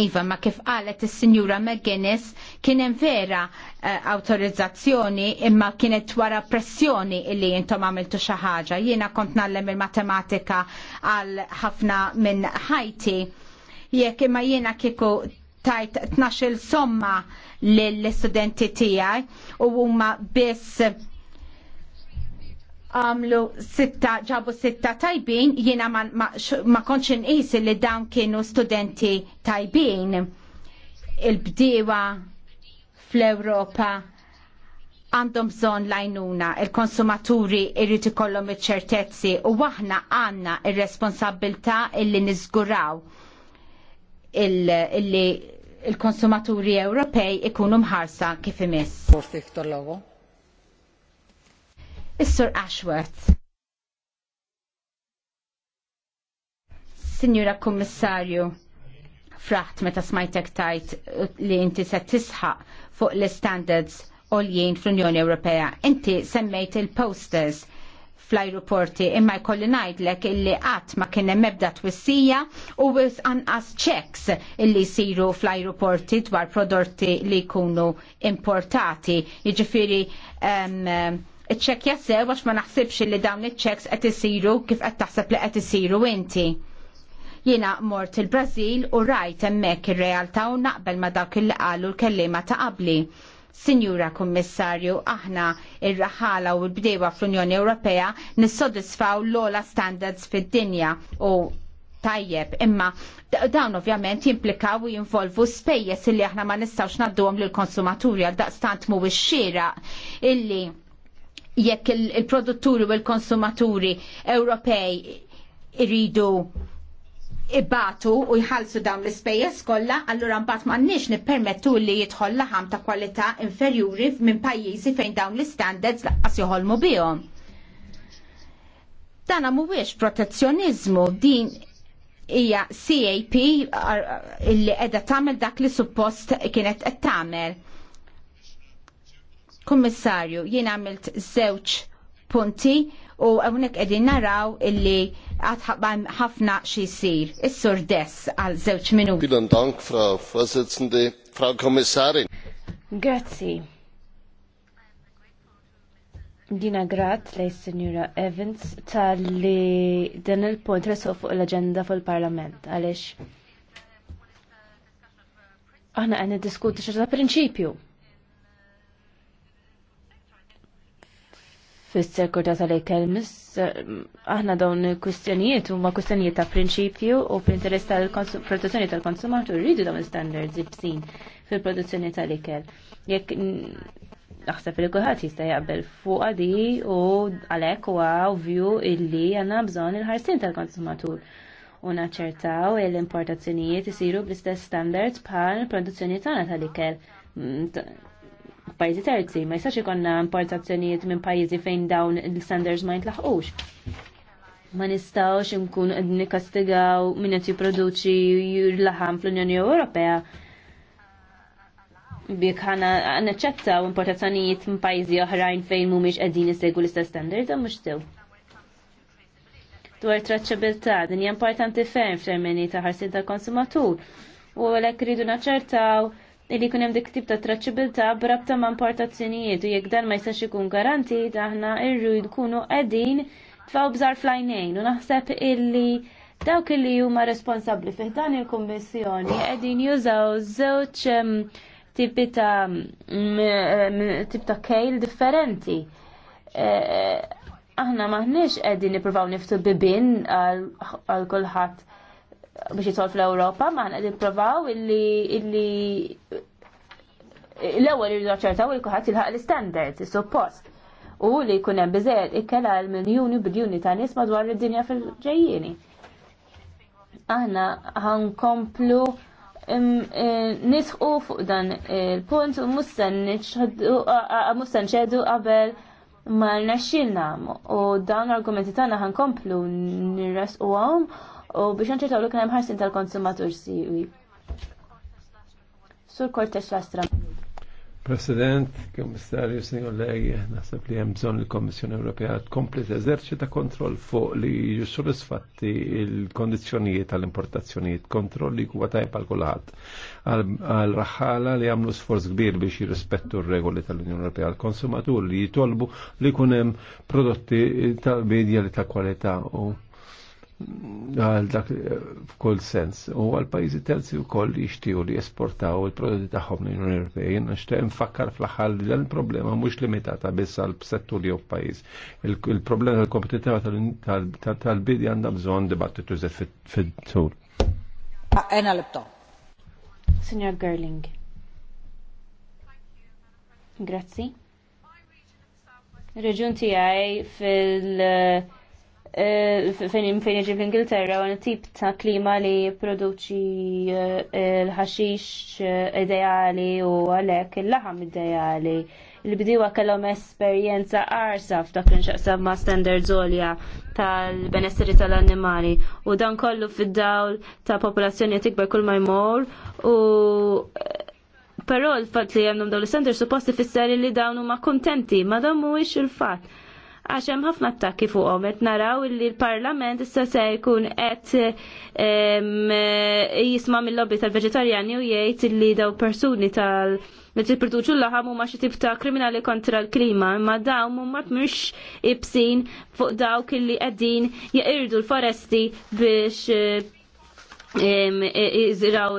Iva, ma kif qalet il-Sinjura McGuinness, kienem vera uh, eh, autorizzazzjoni imma kienet wara pressjoni illi jintom għamiltu xaħġa. Jiena kont nallem il-matematika għal ħafna minn ħajti. Jekk imma jiena kiku tajt 12 somma l-studenti tijaj u huma biss għamlu sitta, ġabu sitta tajbin, jiena ma, ma, ma konċin isi li dawn kienu studenti tajbin. Il-bdiewa fl-Europa għandhom zon lajnuna, il-konsumaturi irriti ikollhom iċ-ċertezzi u aħna għandna il responsabilità illi niżguraw illi il-konsumaturi Ewropej ikunu mħarsa kif imiss. Is-Sur Ashworth. Signora Kommissarju, fraħt meta smajtek tajt uh, li inti se tisħaq fuq l-standards jien fl-Unjoni Ewropea. Inti semmejt il-posters fl-aeroporti imma jkolli ngħidlek illi qatt ma kien hemm ebda twissija u wis anqas checks illi jsiru fl-aeroporti dwar prodotti li jkunu importati. Jiġifieri um, iċċekja sew għax ma naħsibx li dawn iċ-ċeks qed isiru kif qed taħseb li qed isiru inti. Jiena mort il-Brażil u rajt hemmhekk ir-realtà u naqbel ma dawk il qalu l-kellima ta' qabli. Sinjura Kummissarju, aħna ir-raħala u l-bdewa fl-Unjoni Ewropea nissodisfaw l-ola standards fid-dinja u tajjeb, imma dawn ovvjament jimplikaw u jinvolvu spejjes illi aħna ma nistawx naddum lill konsumaturi għal daqstant mhuwiex xira illi jekk il-produtturi u l-konsumaturi Ewropej iridu ibatu u jħalsu dawn l-ispejjeż kollha, allura mbagħad m'għandniex nippermettu li jidħol laħam ta' kwalità inferjuri minn pajjiżi fejn dawn l-istandards laqas joħolmu bihom. Dan mhuwiex protezzjoniżmu din hija CAP illi qiegħda tagħmel dak li suppost kienet qed tagħmel Kummissarju, jien għamilt żewġ punti u għunek qegħdin naraw illi għadħabban ħafna xi jsir. Is-sur des għal żewġ minu. Vielen Dank, fra Vorsitzende, fra Kommissarin. Grazzi. Dina grat lej Signora Evans tal-li dan il-punt resu fuq l-agenda fil-Parlament għaliex aħna għan diskuti xaġa prinċipju fis ta' tal-ikel. Eh, aħna dawn kwistjonijiet huma kustjonijiet ta' prinċipju u fl-interess tal-protezzjoni tal-konsumatur rridu dawn standards ibsin fil-produzzjoni tal-ikel. Jekk naħseb li kulħadd jista' jaqbel fuq di u għalhekk u ovvju illi għandna bżonn il-ħarsien tal-konsumatur u naċċertaw l-importazzjonijiet isiru bl-istess standards bħal produzzjoni tagħna tal-ikel f'pajjiżi terzi, ma jistax ikonna importazzjonijiet minn pajjiżi fejn dawn il-standards ma jitlaħqux. Ma nistawx nkun nikastigaw minn qed jipproduċi l-laħam fl-Unjoni Ewropea bik ħana neċċettaw importazzjonijiet minn pajjiżi oħrajn fejn mhumiex qegħdin isegwu l-istess standards u mhux sew dwar traċċabilità din hija importanti ferm f'termini ta' ħarsin tal-konsumatur. U għalhekk rridu naċċertaw li jkun hemm dik tip ta' traċċibilità b'rabta ma' importazzjonijiet u jekk dan ma jistax ikun garantit aħna irru jkunu qegħdin tfaw bżar flajnejn u naħseb illi dawk illi huma responsabbli fih dan il-kummissjoni qegħdin jużaw żewġ tipi ta' tip ta' kejl differenti. E, e, aħna maħniex qegħdin nippruvaw niftu bibin għal kulħadd biex jitol fl-Europa, ma għana provaw illi l-ewel irridu ċertaw li kuħat jilħaq l-standard, suppost. U li kunem bizzejt ikkela l-miljoni biljoni ta' nis madwar id-dinja fil-ġejjini. Aħna komplu e, nisħu fuq dan il-punt u mussan ċedu qabel ma naxxilna u dawn l-argumenti tagħna u nirresquhom u biex nċertaw li kien hemm ħarsin tal-konsumatur siwi. Sur Kortes Lastra. President, Komissarju, Sinjolegi, naħseb li hemm bżonn il-Kommissjoni Ewropea tkompli eżerċita kontroll fuq li jiġu soddisfatti il-kondizzjonijiet tal-importazzjonijiet, kontrol li kuwa tajb għal kulħadd. Għal raħħala li għamlu sforz kbir biex jirrispettu r-regoli tal-Unjoni Ewropea, għal konsumatur li jitolbu li jkun hemm prodotti tal-bidja li ta' kwalità u għal dak f'kull sens. U għal pajjiżi terzi wkoll jixtiequ li jesportaw il-prodotti tagħhom l-Unjoni Ewropea. Nixtieq nfakkar fl-aħħar li dan il-problema mhux limitata biss għal settur jew pajjiż. Il-problema tal kompetitiva tal-bidi għandha bżonn dibattitu żed fit-tul. Ah, ena libto. Signor Gerling. Grazzi. Reġun tiegħi fil- uh, Eh, fejn fejn jiġi fl-Ingilterra u tip ta' klima li produċi eh, l-ħaxix eh, ideali u għalek il-laħam ideali. Il-bdiwa kellhom esperjenza qarsa f'dak li nxaqsam ma' standards olja tal-benesseri tal-annimali u dan kollu fid-dawl ta' popolazzjoni tikber kull ma jmur u però l-fatt li jemnum dawn l-standards supposti fissari li dawn huma kontenti ma dan mhuwiex il-fatt għax hemm ħafna attakki fuqhom qed naraw li l-Parlament issa se jkun qed jisma' mill-lobby tal vegetarjani u jgħid li daw persuni tal- li tipproduċu l-laħam huma xi tibta kriminali kontra l-klima, imma dawn huma mhux ibsin fuq dawk li qegħdin jaqirdu l-foresti biex jiziraw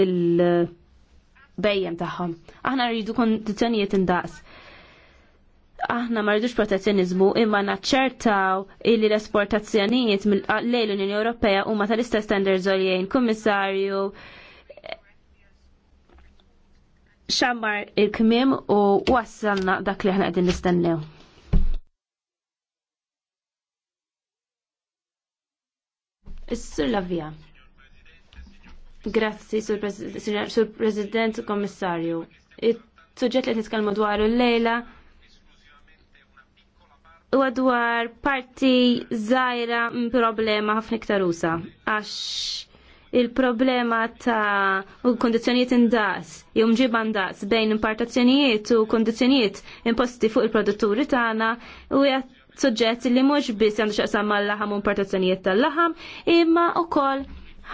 il-bejjem taħħom. Aħna rridu kondizjonijiet indaqs aħna ma rridux protezzjonizmu imma naċċertaw illi l-esportazzjonijiet lejn l-Unjoni Ewropea huma tal-istess standards għoljejn, kummissarju, xammar il-kmim u wassalna dak li aħna qegħdin nistennew. Sur sur Lavija. Grazzi, Sur President, Kommissarju. It-suġġett li nitkellmu dwaru l-lejla u għadwar parti zaħira problema ħafna iktar usa. Għax il-problema ta' u kondizjoniet indas, jew mġib' indas bejn importazzjonijiet u kondizjoniet imposti fuq il-produtturi tagħna u jgħat suġġett li mhux biss għandu x'aqsam mal-laħam u importazzjonijiet tal-laħam, imma wkoll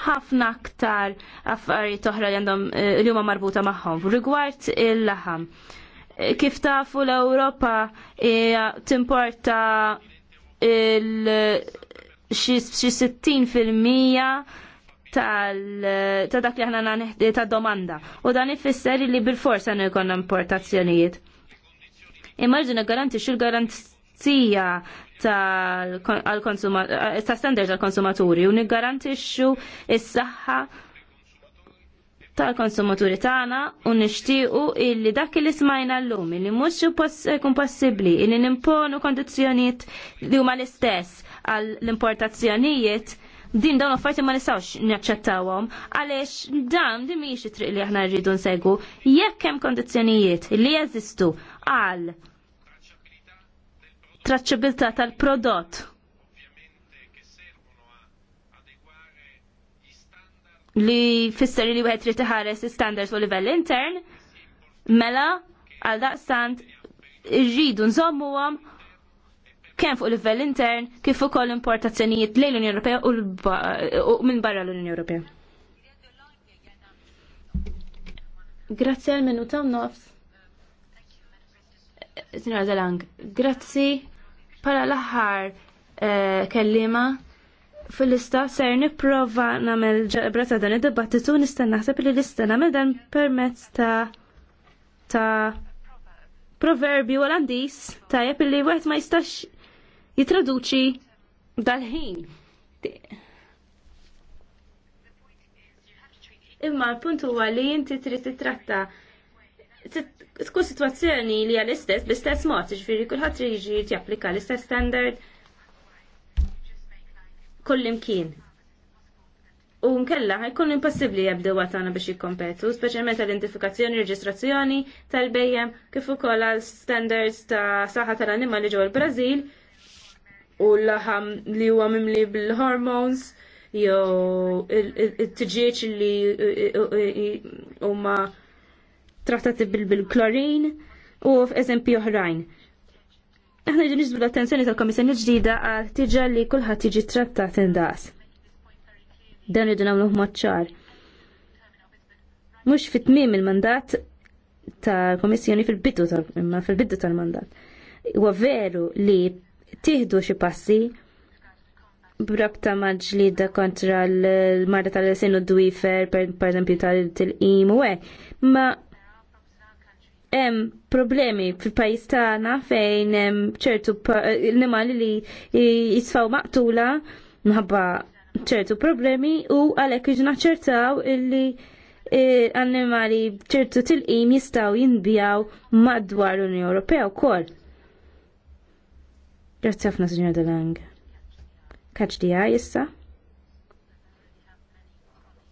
ħafna aktar affarijiet oħra li għandhom eh, li huma marbuta magħhom rigward il-laħam. il laħam Kif tafu l-Ewropa e, timporta xi 60 fil-mija ta' dak li aħna ta' domanda. U dan ifisser li bil-forsa ikonna importazzjonijiet. Immaġina garanti xil garanzija ta' standard għal konsumaturi u niggarantixxu is-saħħa tal-konsumaturi tagħna u nixtiequ illi dak li smajna llum illi mhux ikun possibbli illi nimponu kondizzjonijiet li huma l-istess għall importazzjonijiet din dawn affarijiet ma nistgħux naċċettawhom għaliex dan din mhijiex it-triq li aħna rridu nsegu jekk hemm kondizzjonijiet li jeżistu għal traċċabilità tal-prodott li fisser li wieħed trid iħares standards fuq livell intern, mela għal daqstant irridu nżommuhom kemm fuq livell intern kif ukoll importazzjonijiet lejn l-Unjoni Ewropea u minn barra l-Unjoni Ewropea. Grazzi għal minuta nofs. Eh, eh, Sinjora Delang, grazzi pala l-aħħar eh, kellima fil-lista ser nipprova nagħmel ġebra ta' dan id-dibattitu nista' naħseb li lista nagħmel dan permezz ta' ta' proverbju Olandiż tajjeb li wieħed ma jistax jitraduċi dal-ħin. Imma l-punt huwa li inti trid titratta tkun sitwazzjoni li għal istess bl-istess mod, jiġifieri kulħadd jiġi japplika l-istess standard kollimkien. U nkella ħajkun impossibbli jebdew għatana biex jikkompetu, speċjalment l identifikazzjoni reġistrazzjoni tal-bejjem kif ukoll għal standards ta' saħħa tal-annimali ġew il-Brażil u l-laħam li huwa mimli bil-hormones jew it-tġieġ li huma trattati bil-klorin u f'eżempju oħrajn. Aħna rridu niġbdu l-attenzjoni tal-Komissjoni ġdida għal tiġa li kulħadd jiġi trattat indaqs. Dan rridu nagħmluh maċċar. ċar Mhux fit-tmiem il-mandat tal-Komissjoni fil-bidu tal fil-bidu tal-mandat. Huwa veru li tieħdu xi passi brabta maġlida kontra l-marda tal-sen u d-dwifer, per esempio tal-im u ma hemm problemi fil pajis tagħna fejn hemm ċertu eh, l-nimali li jisfaw maqtula minħabba ċertu problemi u għalhekk iġna ċertaw illi eh, annimali ċertu tilqim jistgħu jinbjaw madwar l-Unjoni Ewropea wkoll. Grazzi ħafna Sinjor Delang. Kaċ di issa?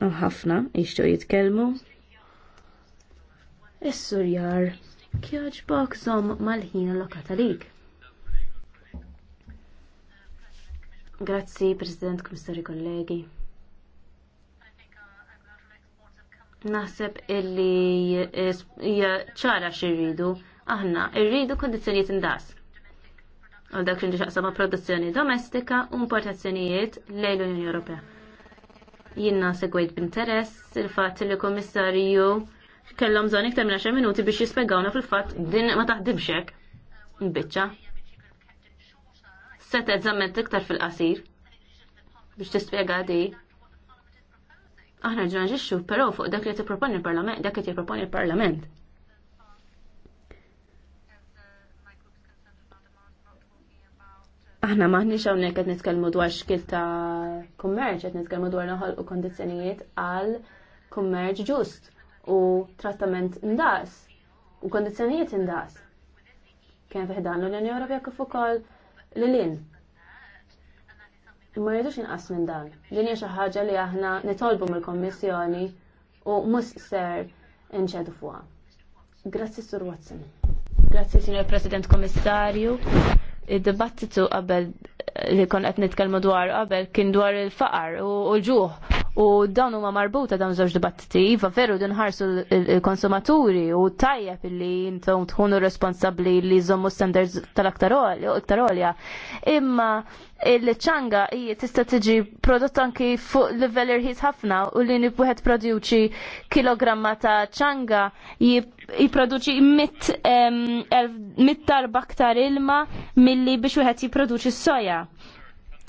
Oh, ħafna, ixtu jitkelmu. Is-surjar kjaġbok zom mal-ħin allokata lik. Grazzi, President, Komissari, kollegi. Naħseb illi ċara xirridu, aħna irridu kondizjoniet indas għal dak li xaqsama produzzjoni domestika u importazzjonijiet lejn l-Unjoni Ewropea. Jiena segwejt b'interess il fat li komissarju kellhom bżonn iktar minn 10 minuti biex jispjegawna fil-fatt din ma taħdimx hekk. Biċċa. Setet żammet iktar fil-qasir biex tispjega di. Aħna ġuna ġixxu, però fuq dak li tipproponi l parlament dak li jipproponi l parlament aħna m'aħniex hawnhekk għed nitkelmu dwar xkil ta' kummerċ, għed nitkelmu dwar naħol u kondizjonijiet għal kummerċ ġust u trattament ndas u kondizjonijiet indaqs. Kien fiħdan l-Unjoni Ewropea kif ukoll l-lin. Ma rridux inqas minn dan. Din hija xi ħaġa li aħna nitolbu mill-Kommissjoni u mhux ser inċedu fuqha. Grazzi Sur Watson. Grazzi Signor President Kommissarju. Id-dibattitu qabel li kon qed nitkellmu dwar qabel kien dwar il-faqar u l-ġuħ u dawn huma marbuta dawn żewġ dibattiti, va veru dinħarsu l-konsumaturi u tajjeb li intom tkunu responsabbli li jżommu standards tal-aktar olja. Imma il-ċanga hija tista' tiġi prodott anki fuq livell irħis ħafna u li nibuħet produċi kilogramma ta' ċanga jiproduċi mit, mit darba aktar ilma milli biex wieħed jipproduċi soja.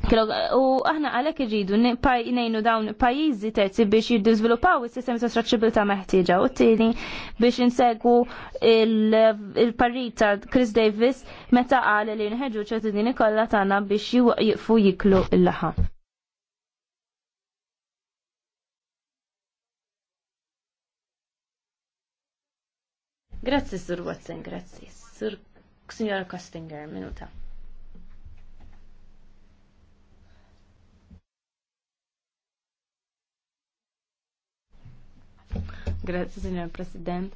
U aħna għalek iġidu nejnu dawn pajizi terzi biex jiddizvilupaw il-sistemi ta' straċibilta meħtieġa u t-tini biex insegu il-parrita Chris Davis meta qal li nħedġu ċertidini kollha tagħna biex jiqfu jiklu il-laħa. Grazzi, Sur Watson, grazzi. Sur Signora Kostinger, minuta. Grazie, Signor President.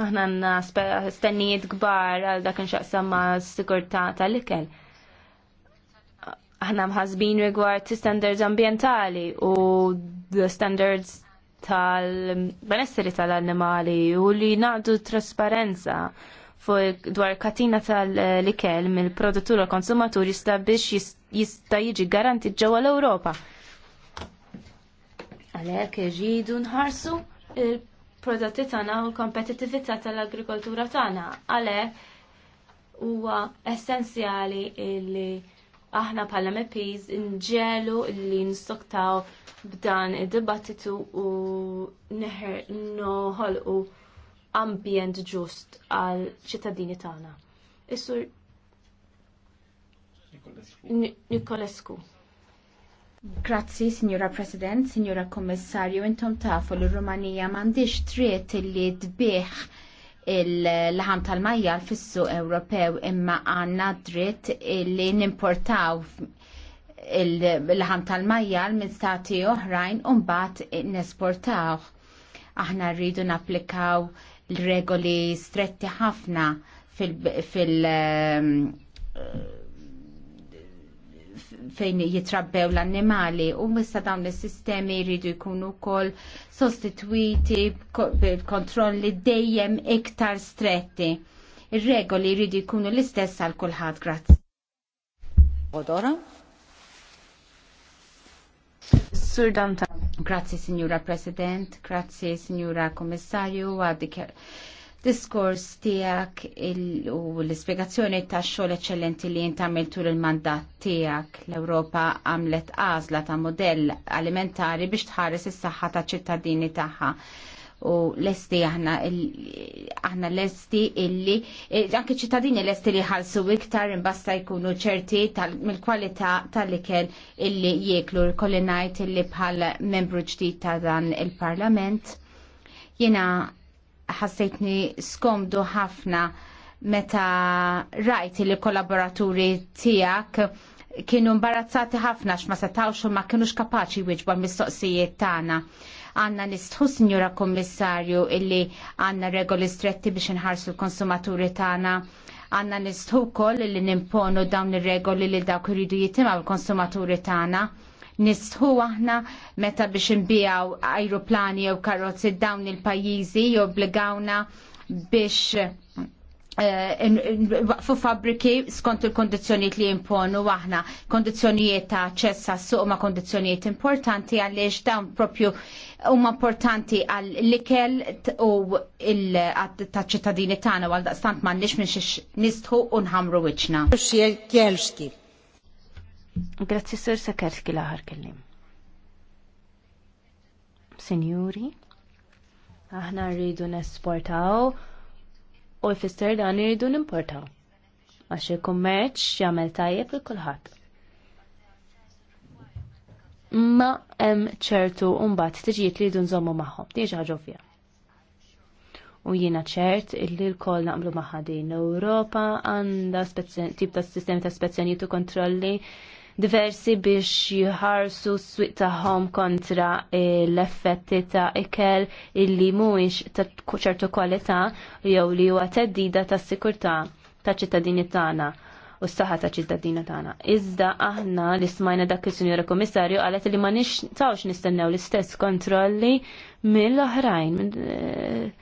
Maħna għanna stennijiet gbar għal dak nxaqsam ma' sigurta tal-ikel. Aħna mħazbin rigward standards ambientali u the standards tal-benesseri tal-annimali u li naqdu trasparenza fuq dwar katina tal-ikel mill-produttur u konsumatur jista' biex jista' jiġi garantit ġewwa l-Ewropa Għalhekk irridu nħarsu il-prodotti tagħna u l kompetitività tal-agrikoltura tagħna. Għalhekk huwa essenzjali li aħna bħala MPs nġelu li nistoktaw b'dan id-dibattitu u neħer noħolqu ambjent ġust għal ċittadini tagħna. Is-sur Nikolescu. Grazzi, Signora President, Signora Kommissarju, intom tafu li Rumanija mandiġ triet li dbieħ il-laħam tal-majja fissu Ewropew imma għanna dritt li nimportaw il ħam tal-majja minn stati oħrajn un-bat nesportaw. Aħna rridu napplikaw l-regoli stretti ħafna fil-, fil fejn jitrabbew l-annimali u mista dawn is-sistemi jridu jkunu wkoll sostitwiti kontrolli dejjem iktar stretti. Ir-regoli jridu jkunu l-istess għal kulħadd. Grazzi. Odora. Sur Grazie, Signora President. Grazie, Signora Kommissarju. Għaddik diskors tijak u l-ispiegazzjoni ta' xogħol eccellenti li jinta għamiltu l-mandat tijak l-Europa għamlet għazla ta' modell alimentari biex tħares is saħħa ta' ċittadini tagħha. U l-esti aħna aħna l-esti illi e, anke ċittadini l-esti li ħalsu iktar imbasta jkunu ċerti mill-kwalità tal-ikel illi jieklu l-kollinajt illi bħal membru ġdid ta' dan il-parlament. Jiena ħassejtni skomdu ħafna meta rajt li kollaboraturi tiegħek kienu mbarazzati ħafna x'ma setawx u ma kienux kapaċi wieġba mistoqsijiet tagħna. Għanna nistħu, Sinjura Kommissarju, illi għanna regoli stretti biex nħarsu l-konsumaturi tagħna għanna nistħu koll li nimponu dawn ir-regoli li dawk iridu jitimaw l-konsumaturi tagħna nistħu aħna meta biex nbijaw ajruplani jew karozzi dawn il-pajjiżi jobbligawna biex eh, waqfu fabbriki skont il-kondizjoniet li jimponu aħna kondizjonijiet ta' ċessa suq ma' kondizjonijiet importanti għaliex dawn propju huma importanti għal l-ikel u ta' ċittadini tagħna għal daqstant m'għandniex minn nistħu u nħamru wiċċna. Grazzi Sir Sakerski l-aħar kellim. Senjuri, aħna rridu nesportaw u fister dan rridu nimportaw. Għax il-kummerċ jagħmel tajjeb il kulħadd. Ma hemm ċertu mbagħad tiġijiet li jridu nżommu magħhom, diġa ħaġa ovvja. U jiena ċert illi l-koll naqblu magħha din ewropa għandha tip ta' sistemi ta' spezzjonijiet u kontrolli diversi biex jħarsu s-swiq tagħhom kontra l-effetti ta' ikel illi mhuwiex ta' ċertu kwalità jew li huwa teddida tas sikurtà ta' ċittadini tagħna u s-saħħa ta' ċittadina tagħna. Iżda aħna li smajna dak il-Sinjora Komissarju qalet li ma nistgħux nistennew l-istess kontrolli mill-oħrajn eh,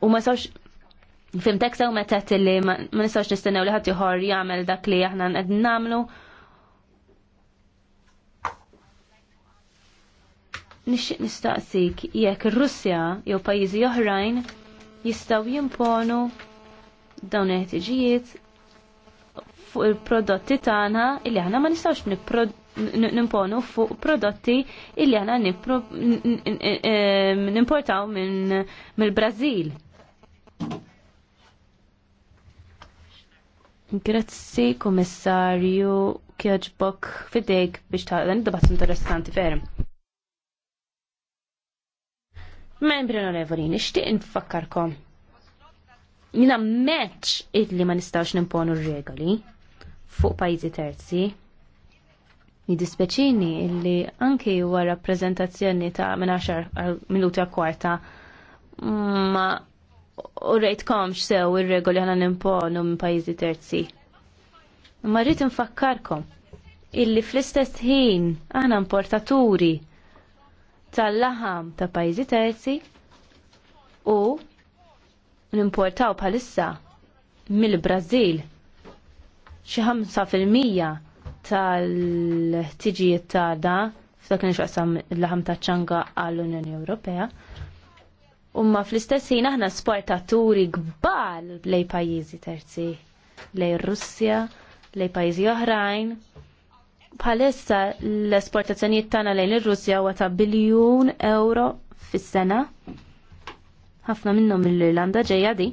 u ma sawx Fimtek sew metet li ma nistax nistennew li ħadd ieħor jagħmel dak li aħna qed nagħmlu. Nixtieq nistaqsik jekk ir-Russja jew pajjiżi oħrajn jistgħu jimponu dawn il-ħtiġijiet fuq il-prodotti tagħna illi aħna ma nistgħux nimponu fuq prodotti illi aħna nimportaw minn mill-Brażil. Grazzi, komissarju, kjoġbok fidejk biex ta' dan id-dibattu interessanti ferm. Membri onorevoli, nixtieq nfakkarkom. Jina meċ illi ma nistawx nimponu regoli fuq pajzi terzi. Nidispeċini illi anki wara rappreżentazzjoni ta' minn 10 minuti kwarta ma' u rejtkomx sew ir-regoli għana nimponu minn pajjiżi terzi. Ma rrid infakkarkom illi fl-istess ħin aħna importaturi tal-laħam ta' pajjiżi terzi u nimportaw bħalissa mill-Brażil xi 5% tal-ħtiġijiet ta' da f'dak li nixqasam il laħam ta' ċanga għall-Unjoni Ewropea. Umma fl-istess ħin aħna sportaturi kbar lej pajjiżi terzi, lej Russja, lej pajjiżi oħrajn. Palessa l-esportazzjonijiet tagħna lejn ir-Russja huwa ta' biljun euro fis-sena. Ħafna minnhom mill-Irlanda ġejja di.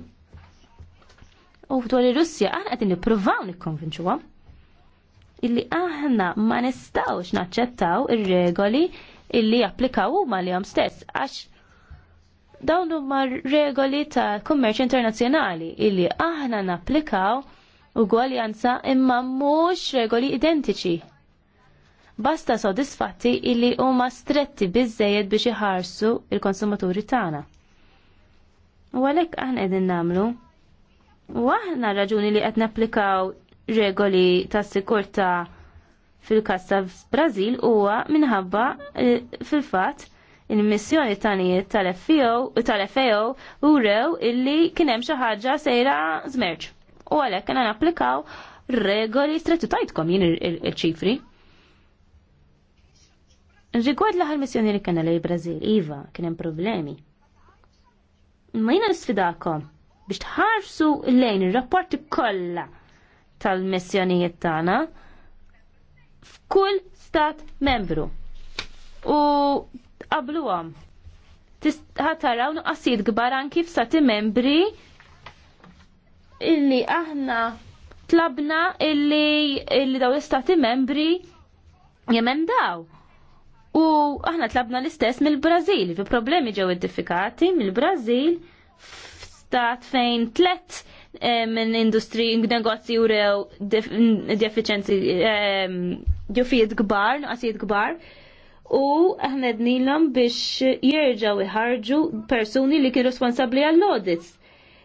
U dwar ir-Russja aħna qegħdin nippruvaw nikkonvinċuhom illi aħna ma nistgħux naċċettaw ir-regoli illi japplikaw huma li stess għax Dawn huma regoli ta' kummerċ internazzjonali illi aħna napplikaw ugwaljanza imma mhux regoli identiċi. Basta sodisfatti illi huma stretti biżejjed biex iħarsu il-konsumaturi tagħna. U għalhekk aħna qegħdin nagħmlu. U aħna raġuni li qed napplikaw regoli ta' sikurta fil kassa ta' huwa minħabba eh, fil-fatt il-missjoni tanijiet tal-FAO e tal-FAO e illi kien hemm xi ħaġa sejra żmerġ. U għalhekk kien napplikaw regoli strettutajtkom jien il-ċifri. Rigward l-aħħar missjoni li kena lej Brażil, iva, kien hemm problemi. Ma jiena nisfidakom biex tħarsu lejn ir-rapporti kollha tal-missjonijiet tagħna f'kull stat membru. U tqabluhom. Ħataraw nuqqasid kbar anki f'sati membri illi aħna tlabna illi, illi daw l-istati membri jemendaw. U aħna tlabna l-istess mill-Brazil, fi problemi ġew identifikati mill-Brazil f'stat fejn tlet eh, minn industri negozji u rew defiċenzi ġufijiet eh, gbar, nuqasijiet gbar u ħnednilhom biex jerġgħu iħarġu persuni li kienu responsabbli għall-audits.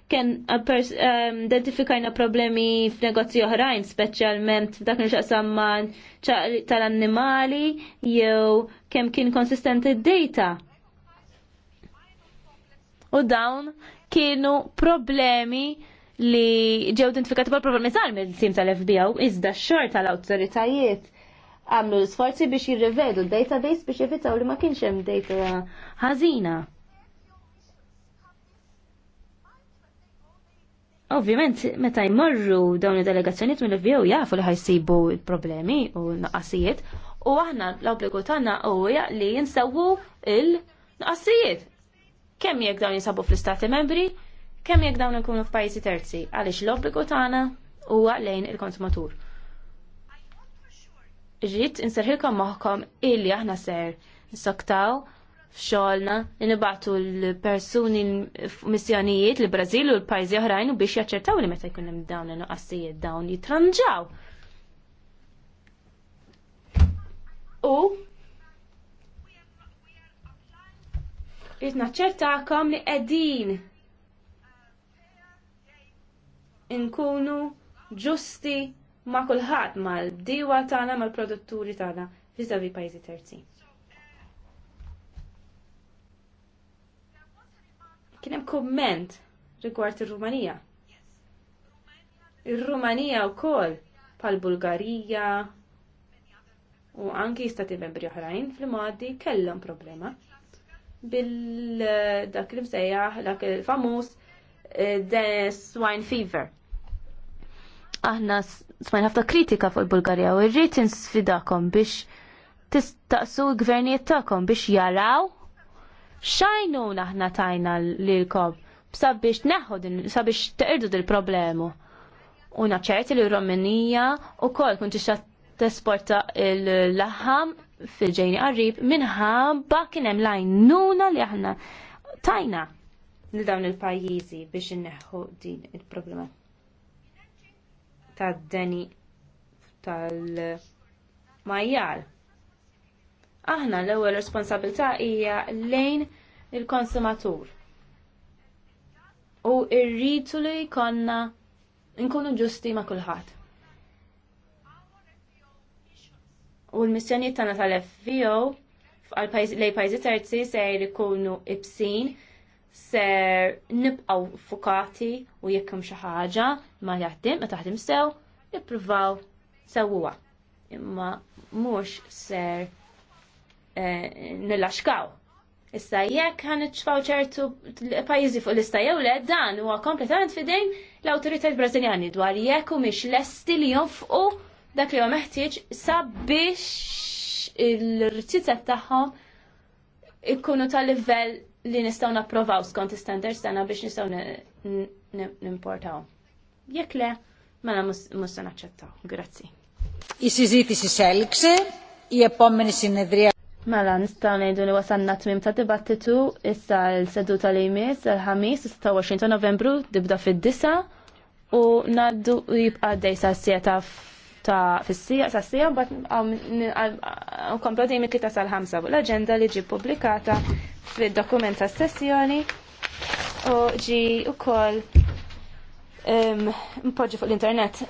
Ken uh, um, identifikajna problemi f'negozji oħrajn, speċjalment f'dak nixaqsam tal-annimali jew kemm kien konsistenti d-data. U dawn kienu problemi li ġew identifikati bħal problemi żgħar mill sim tal-FBI iżda x-xor tal-awtoritajiet għamlu sforzi biex jirrevedu l-database biex jifittaw li ma kienx hemm data ħażina. Ovvjament, meta jmorru dawn id-delegazzjonijiet mill-FBO jafu li ħajsibu il-problemi u naqasijiet, u aħna l-obbligu tagħna huwa li jinsewwu il-naqasijiet. Kemm jekk dawn jinsabu fl-istati membri, kemm jekk dawn ikunu f'pajjiżi terzi, għaliex l-obbligu tagħna huwa lejn il-konsumatur rrit inserħilkom maħkom illi aħna ser nsoktaw f'xogħolna li l-persuni missjonijiet l brażil u l-pajjiżi oħrajn u biex jaċċertaw li meta jkun hemm dawn il nuqassijiet dawn jitranġaw. U Jitna ċertakom li qegħdin inkunu ġusti ma' kulħadd mal-bdiewa tagħna mal-produtturi tagħna viżavi pajjiżi terzi. Kien hemm komment rigward ir-Rumanija. Ir-Rumanija wkoll pal bulgarija u anki stati membri oħrajn fil-modi kellhom problema bil-dak li bżejjaħ dak il-famuż eh, swine fever aħna smajna ħafna kritika fuq il-Bulgarija u rrid nsfidakom biex tistaqsu l-gvernijiet tagħkom biex jaraw xajnu naħna tajna lilkom sabiex neħu sabiex teqirdu dil-problemu. U naċċerti li Romanija u kol kun t tesporta l-laħam fil-ġejni qarrib minħabba kien hemm lajnuna li aħna tajna li dawn il-pajjiżi biex inneħħu din il-problema tad-deni tal-majjar. Aħna l-ewwel responsabilità hija lejn il-konsumatur. U rritu li jkollna nkunu ġusti ma' kulħadd. U l-missjonijiet tagħna tal-FVO lej pajjiżi terzi se jkunu ibsin ser nibqaw fukati u jekk hemm xi ħaġa ma jaħdim, ma taħdim sew, nippruvaw sewwa. Imma mhux ser eh, nilaxkaw. Issa jekk għan iċfaw ċertu pajjiżi fuq l jew le dan huwa kompletament fidejn l-awtoritajiet Brażiljani dwar jekk u mhix lesti li jonfqu dak li huwa meħtieġ sabiex il-rċizet tagħhom ikkunu tal-livell li nistaw napprovaw skont standards tagħna biex nistaw nimportaw. Jekk le, mela mussa naċċettaw. Grazzi. Is-siżiti selkse, jeppommeni sinedrija. Mela, nistaw ngħidu li wasanna tmim ta' dibattitu issa l-seduta li jmiss l-ħamis 26 novembru dibda fid-disa u naddu jibqa' dejsa s-sieta ta' fissija sa' sija mbagħad um, um, uh, komplodi dejjem ta' sal-ħamsa l-aġenda li ġi publikata fid-dokument ta' sessjoni u ġi wkoll um, mpoġġi fuq l-internet